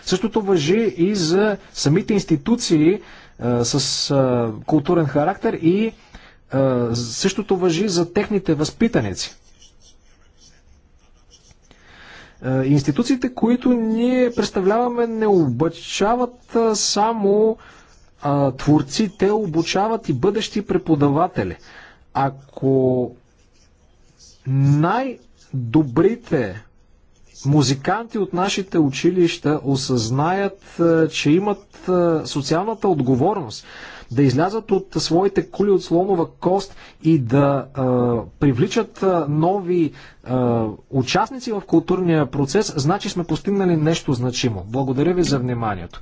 B: Същото въжи и за самите институции а, с а, културен характер и а, същото въжи за техните възпитаници. Е, институциите, които ние представляваме, не обучават е, само а, е, творци, те обучават и бъдещи преподаватели. Ако най-добрите музиканти от нашите училища осъзнаят, че имат социалната отговорност да излязат от своите кули от слонова кост и да а, привличат нови а, участници в културния процес, значи сме постигнали нещо значимо. Благодаря ви за вниманието.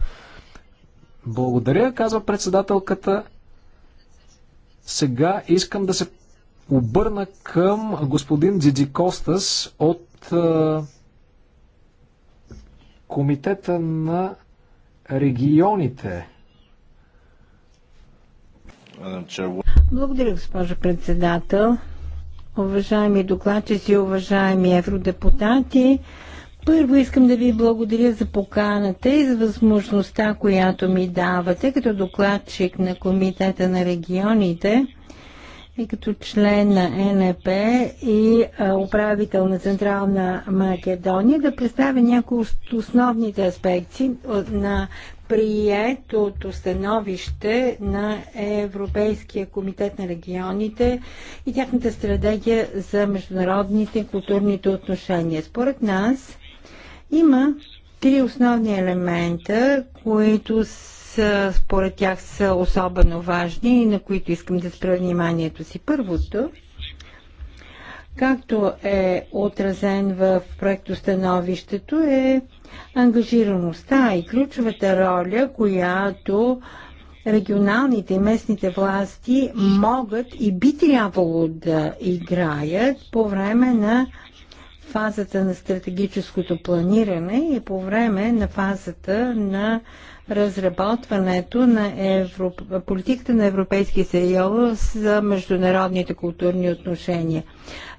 B: Благодаря, казва председателката. Сега искам да се обърна към господин Дзиди Костас от а, Комитета на регионите.
C: Благодаря, госпожо председател. Уважаеми докладчици, уважаеми евродепутати, първо искам да ви благодаря за поканата и за възможността, която ми давате като докладчик на Комитета на регионите и като член на НП и управител на Централна Македония да представя някои от основните аспекти на приетото становище на Европейския комитет на регионите и тяхната стратегия за международните културните отношения. Според нас има три основни елемента, които са, според тях са особено важни и на които искам да спра вниманието си. Първото както е отразен в проектостановището, е ангажираността и ключовата роля, която регионалните и местните власти могат и би трябвало да играят по време на фазата на стратегическото планиране и по време на фазата на разработването на Европ... политиката на Европейския съюз за международните културни отношения.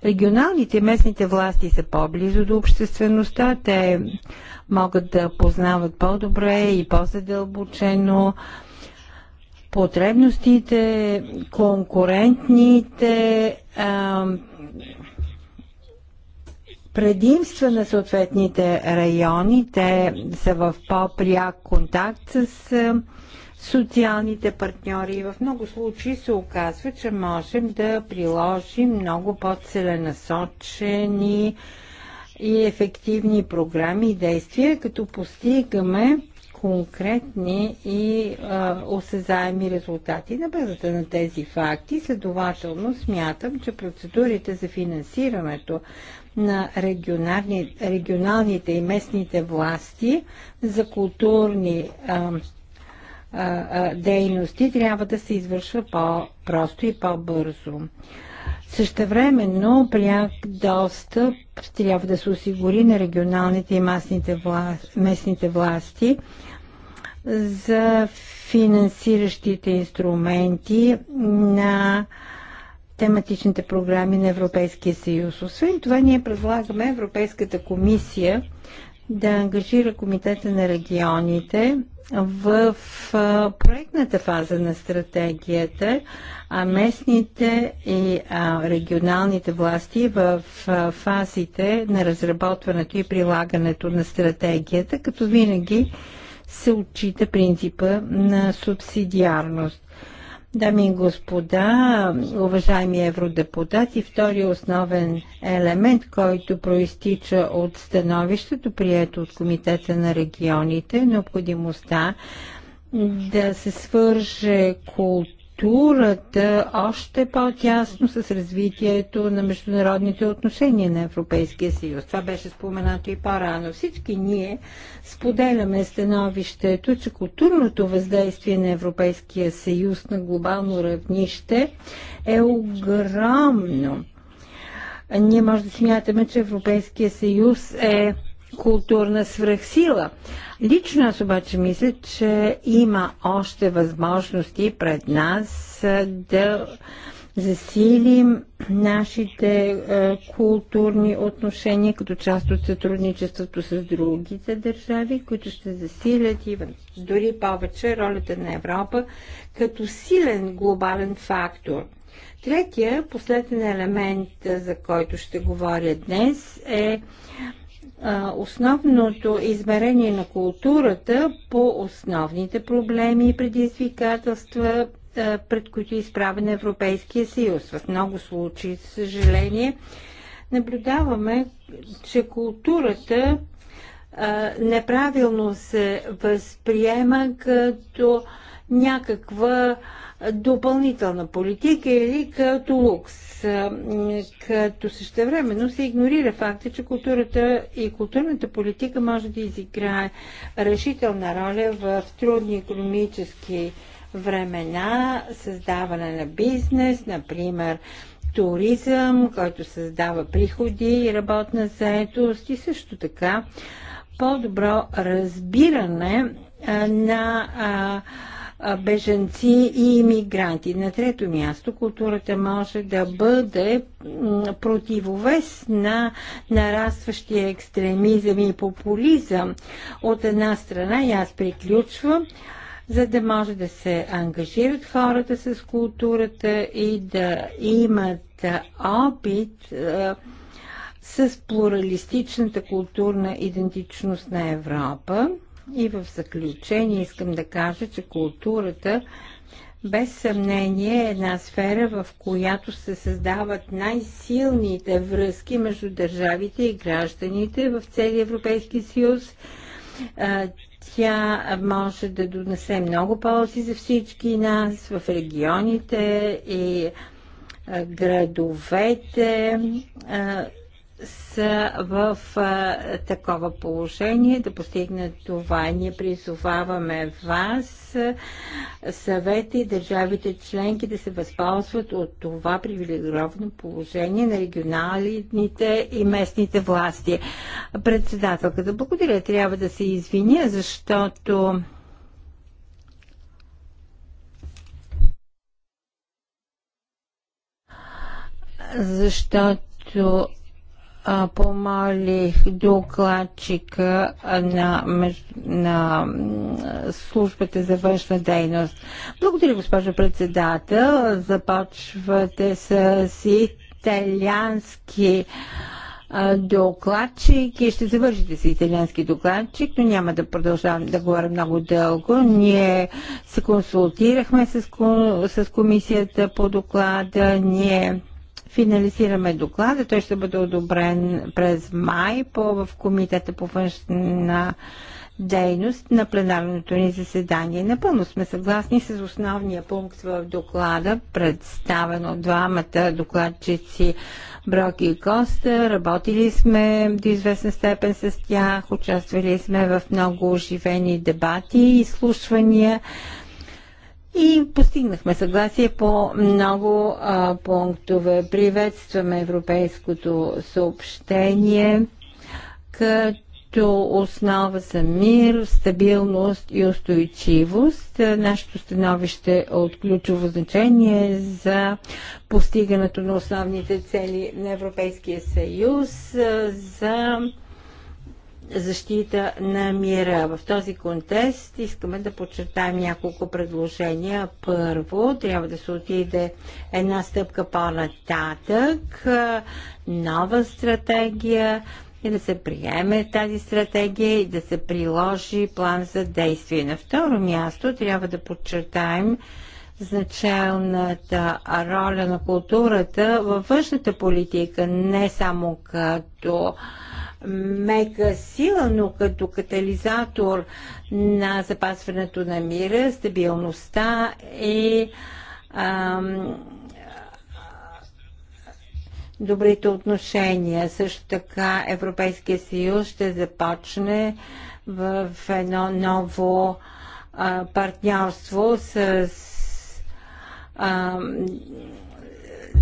C: Регионалните и местните власти са по-близо до обществеността. Те могат да познават по-добре и по-задълбочено потребностите, конкурентните предимства на съответните райони. Те са в по-пряк контакт с социалните партньори и в много случаи се оказва, че можем да приложим много по-целенасочени и ефективни програми и действия, като постигаме конкретни и а, осезаеми резултати. На базата на тези факти, следователно, смятам, че процедурите за финансирането на регионални, регионалните и местните власти за културни а, а, а, дейности трябва да се извършва по-просто и по-бързо. Същевременно пряк достъп трябва да се осигури на регионалните и местните власти, местните власти за финансиращите инструменти на тематичните програми на Европейския съюз. Освен това, ние предлагаме Европейската комисия да ангажира Комитета на регионите в проектната фаза на стратегията, а местните и регионалните власти в фазите на разработването и прилагането на стратегията, като винаги се отчита принципа на субсидиарност. Дами и господа, уважаеми евродепутати, втори основен елемент, който проистича от становището, прието от Комитета на регионите, е необходимостта да се свърже култура културата още по-тясно с развитието на международните отношения на Европейския съюз. Това беше споменато и по-рано. Всички ние споделяме становището, че културното въздействие на Европейския съюз на глобално равнище е огромно. Ние може да смятаме, че Европейския съюз е културна свръхсила. Лично аз обаче мисля, че има още възможности пред нас да засилим нашите е, културни отношения като част от сътрудничеството с другите държави, които ще засилят и дори повече ролята на Европа като силен глобален фактор. Третия, последен елемент, за който ще говоря днес, е основното измерение на културата по основните проблеми и предизвикателства, пред които е изправен Европейския съюз. В много случаи, за съжаление, наблюдаваме, че културата неправилно се възприема като някаква допълнителна политика или като лукс, като същевременно се игнорира факта, че културата и културната политика може да изиграе решителна роля в трудни економически времена, създаване на бизнес, например туризъм, който създава приходи и работна заетост и също така по-добро разбиране на а, беженци и иммигранти. На трето място културата може да бъде противовес на нарастващия екстремизъм и популизъм. От една страна, и аз приключвам, за да може да се ангажират хората с културата и да имат опит с плуралистичната културна идентичност на Европа. И в заключение искам да кажа, че културата без съмнение е една сфера, в която се създават най-силните връзки между държавите и гражданите в целия Европейски съюз. Тя може да донесе много ползи за всички нас в регионите и градовете са в а, такова положение да постигнат това. Ние призоваваме вас, съвета и държавите членки да се възползват от това привилегировано положение на регионалните и местните власти. Председателката, благодаря, трябва да се извиня, защото защото помолих докладчика на, на службата за външна дейност. Благодаря, госпожо председател. Започвате с италиански докладчик и ще завършите с италиански докладчик, но няма да продължавам да говоря много дълго. Ние се консултирахме с, с комисията по доклада, ние финализираме доклада. Той ще бъде одобрен през май по, в Комитета по външна дейност на пленарното ни заседание. Напълно сме съгласни с основния пункт в доклада, представен от двамата докладчици Брок и Коста. Работили сме до известна степен с тях, участвали сме в много оживени дебати и изслушвания и постигнахме съгласие по много а, пунктове. Приветстваме европейското съобщение като основа за мир, стабилност и устойчивост. Нашето становище е от ключово значение за постигането на основните цели на Европейския съюз, за защита на мира. В този контекст искаме да подчертаем няколко предложения. Първо, трябва да се отиде една стъпка по-нататък, нова стратегия и да се приеме тази стратегия и да се приложи план за действие. На второ място трябва да подчертаем значалната роля на културата във външната политика, не само като мека сила, но като катализатор на запасването на мира, стабилността и е, ам, добрите отношения. Също така Европейския съюз ще започне в едно ново а, партньорство с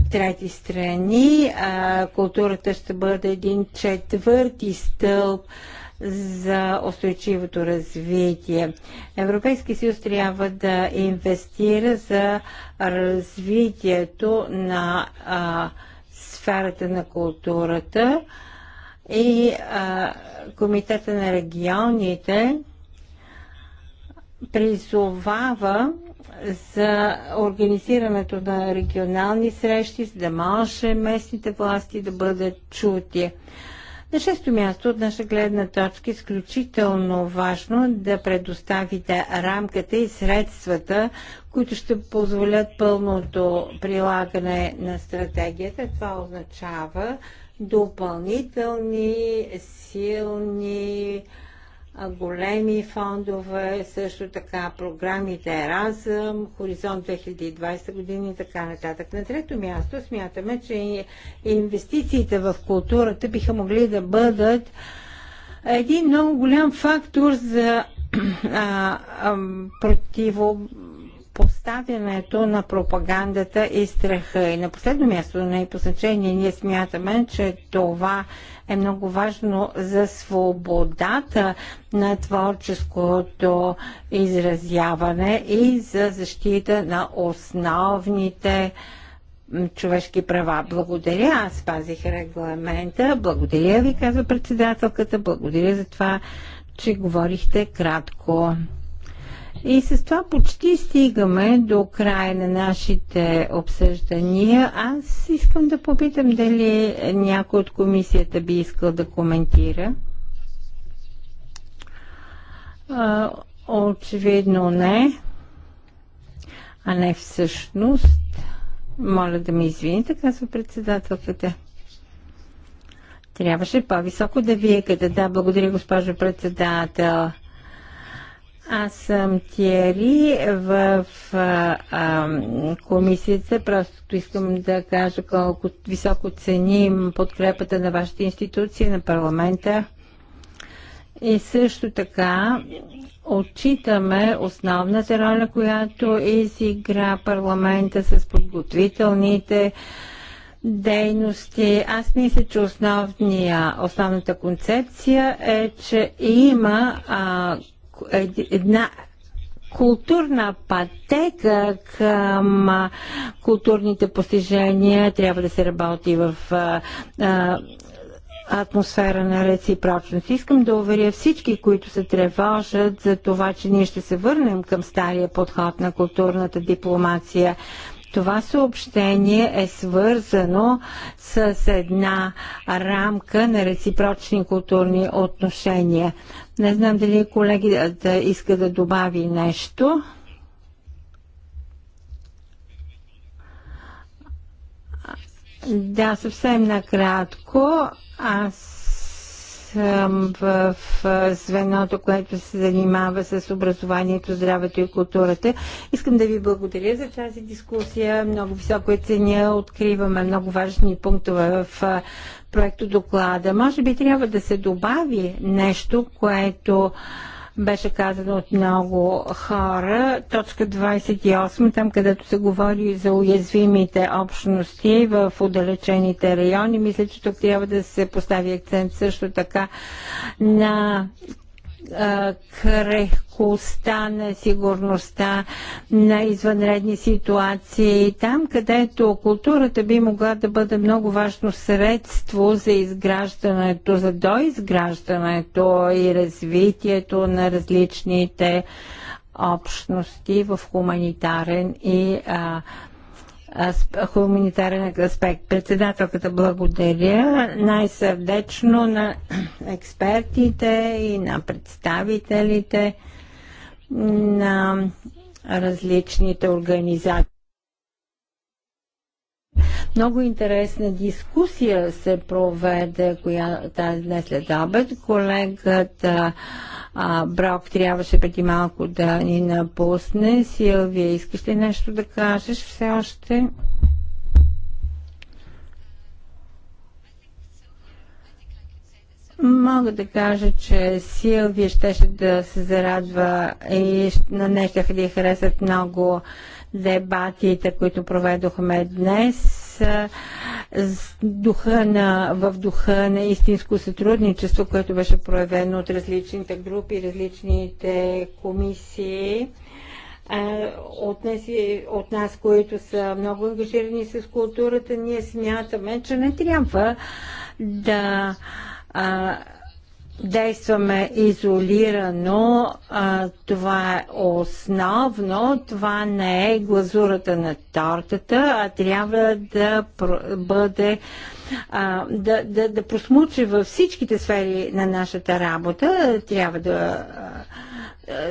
C: трети страни. А, културата ще бъде един четвърти стълб за устойчивото развитие. Европейски съюз трябва да инвестира за развитието на а, сферата на културата и а, Комитета на регионите призовава за организирането на регионални срещи, за да може местните власти да бъдат чути. На шесто място, от наша гледна точка, изключително важно да предоставите рамката и средствата, които ще позволят пълното прилагане на стратегията. Това означава допълнителни силни големи фондове, също така програмите Еразъм, Хоризонт 2020 години и така нататък. На трето място смятаме, че инвестициите в културата биха могли да бъдат един много голям фактор за а, а, противо, противопоставянето на пропагандата и страха. И на последно място, на и значение, ние смятаме, че това е много важно за свободата на творческото изразяване и за защита на основните човешки права. Благодаря, аз спазих регламента. Благодаря ви, казва председателката. Благодаря за това, че говорихте кратко. И с това почти стигаме до края на нашите обсъждания. Аз искам да попитам дали някой от комисията би искал да коментира. Очевидно не. А не всъщност. Моля да ме извините, казва председателката. Трябваше по-високо да викате. Да, благодаря, госпожо председател. Аз съм Тиери в а, а, комисията. Просто искам да кажа колко високо ценим подкрепата на вашата институция, на парламента. И също така отчитаме основната роля, която изигра парламента с подготвителните дейности. Аз мисля, че основния, основната концепция е, че има а, една културна пътека към културните постижения. Трябва да се работи в атмосфера на реципрочност. Искам да уверя всички, които се тревожат за това, че ние ще се върнем към стария подход на културната дипломация. Това съобщение е свързано с една рамка на реципрочни културни отношения. Не знам дали колегата иска да добави нещо. Да, съвсем накратко. Аз съм в звеното, което се занимава с образованието, здравето и културата. Искам да ви благодаря за тази дискусия. Много високо е ценя. Откриваме много важни пунктове в проекто доклада. Може би трябва да се добави нещо, което беше казано от много хора. Точка 28, там където се говори за уязвимите общности в отдалечените райони, мисля, че тук трябва да се постави акцент също така на крехкостта на сигурността на извънредни ситуации, там където културата би могла да бъде много важно средство за изграждането, за доизграждането и развитието на различните общности в хуманитарен и а, хуманитарен аспект. Председателката благодаря най-сърдечно на експертите и на представителите на различните организации. Много интересна дискусия се проведе коя, тази днес след обед. Колегата а, Брок трябваше преди малко да ни напусне. Силвия, искаш ли нещо да кажеш все още? Мога да кажа, че Силвия щеше да се зарадва и на нещо ще да харесат много дебатите, които проведохме днес духа на, в духа на истинско сътрудничество, което беше проявено от различните групи, различните комисии от нас, от нас, които са много ангажирани с културата, ние смятаме, че не трябва да а, действаме изолирано, а, това е основно, това не е глазурата на тортата, а трябва да бъде а, да, да, да просмучи във всичките сфери на нашата работа. Трябва да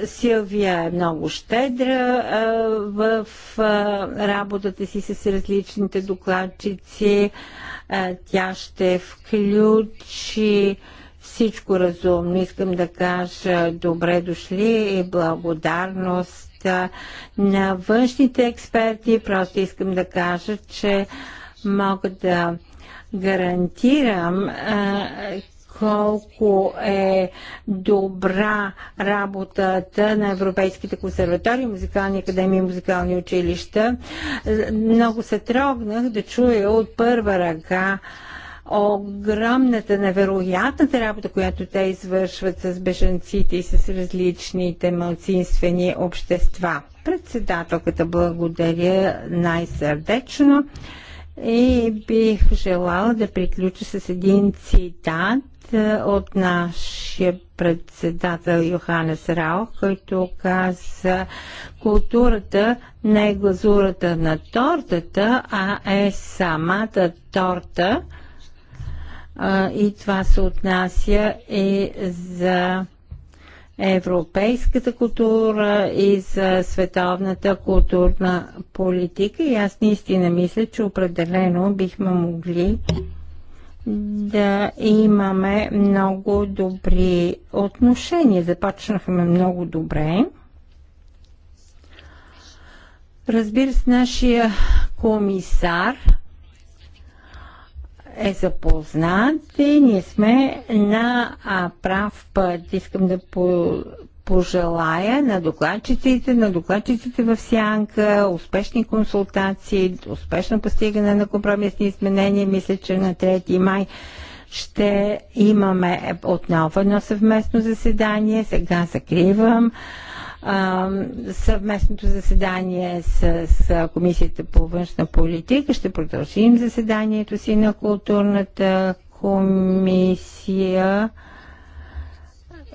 C: Силвия е много щедра а, в а, работата си с различните докладчици. А, тя ще включи всичко разумно. Искам да кажа добре дошли и благодарност на външните експерти. Просто искам да кажа, че мога да гарантирам колко е добра работата на Европейските консерватории, музикални академии и музикални училища. Много се трогнах да чуя от първа ръка огромната, невероятната работа, която те извършват с беженците и с различните малцинствени общества. Председателката благодаря най-сърдечно и бих желала да приключа с един цитат е, от нашия председател Йоханес Рао, който каза културата не е глазурата на тортата, а е самата торта – и това се отнася и за европейската култура и за световната културна политика. И аз наистина мисля, че определено бихме могли да имаме много добри отношения. Започнахме много добре. Разбира се, нашия комисар е запознат и ние сме на прав път. Искам да по пожелая на докладчиците, на докладчиците в сянка, успешни консултации, успешно постигане на компромисни изменения. Мисля, че на 3 май ще имаме е, отново едно съвместно заседание. Сега закривам съвместното заседание с, с Комисията по външна политика. Ще продължим заседанието си на културната комисия.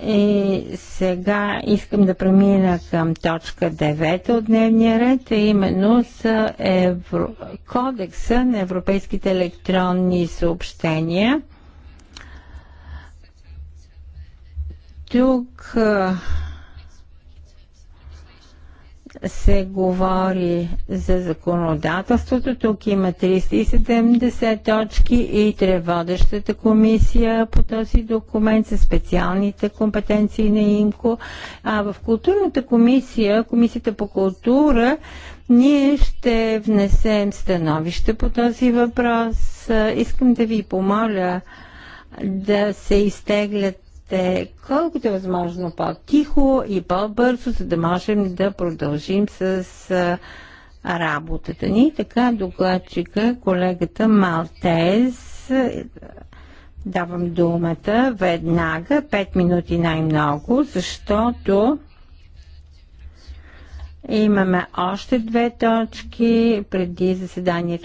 C: И сега искам да премина към точка 9 от дневния ред, а именно с Евро... Кодекса на европейските електронни съобщения. Тук се говори за законодателството. Тук има 370 точки и треводещата комисия по този документ със специалните компетенции на ИМКО. А в културната комисия, комисията по култура, ние ще внесем становище по този въпрос. Искам да ви помоля да се изтеглят сте колкото е възможно по-тихо и по-бързо, за да можем да продължим с работата ни. Така докладчика, колегата Малтез, е, давам думата веднага, 5 минути най-много, защото Имаме още две точки преди заседанието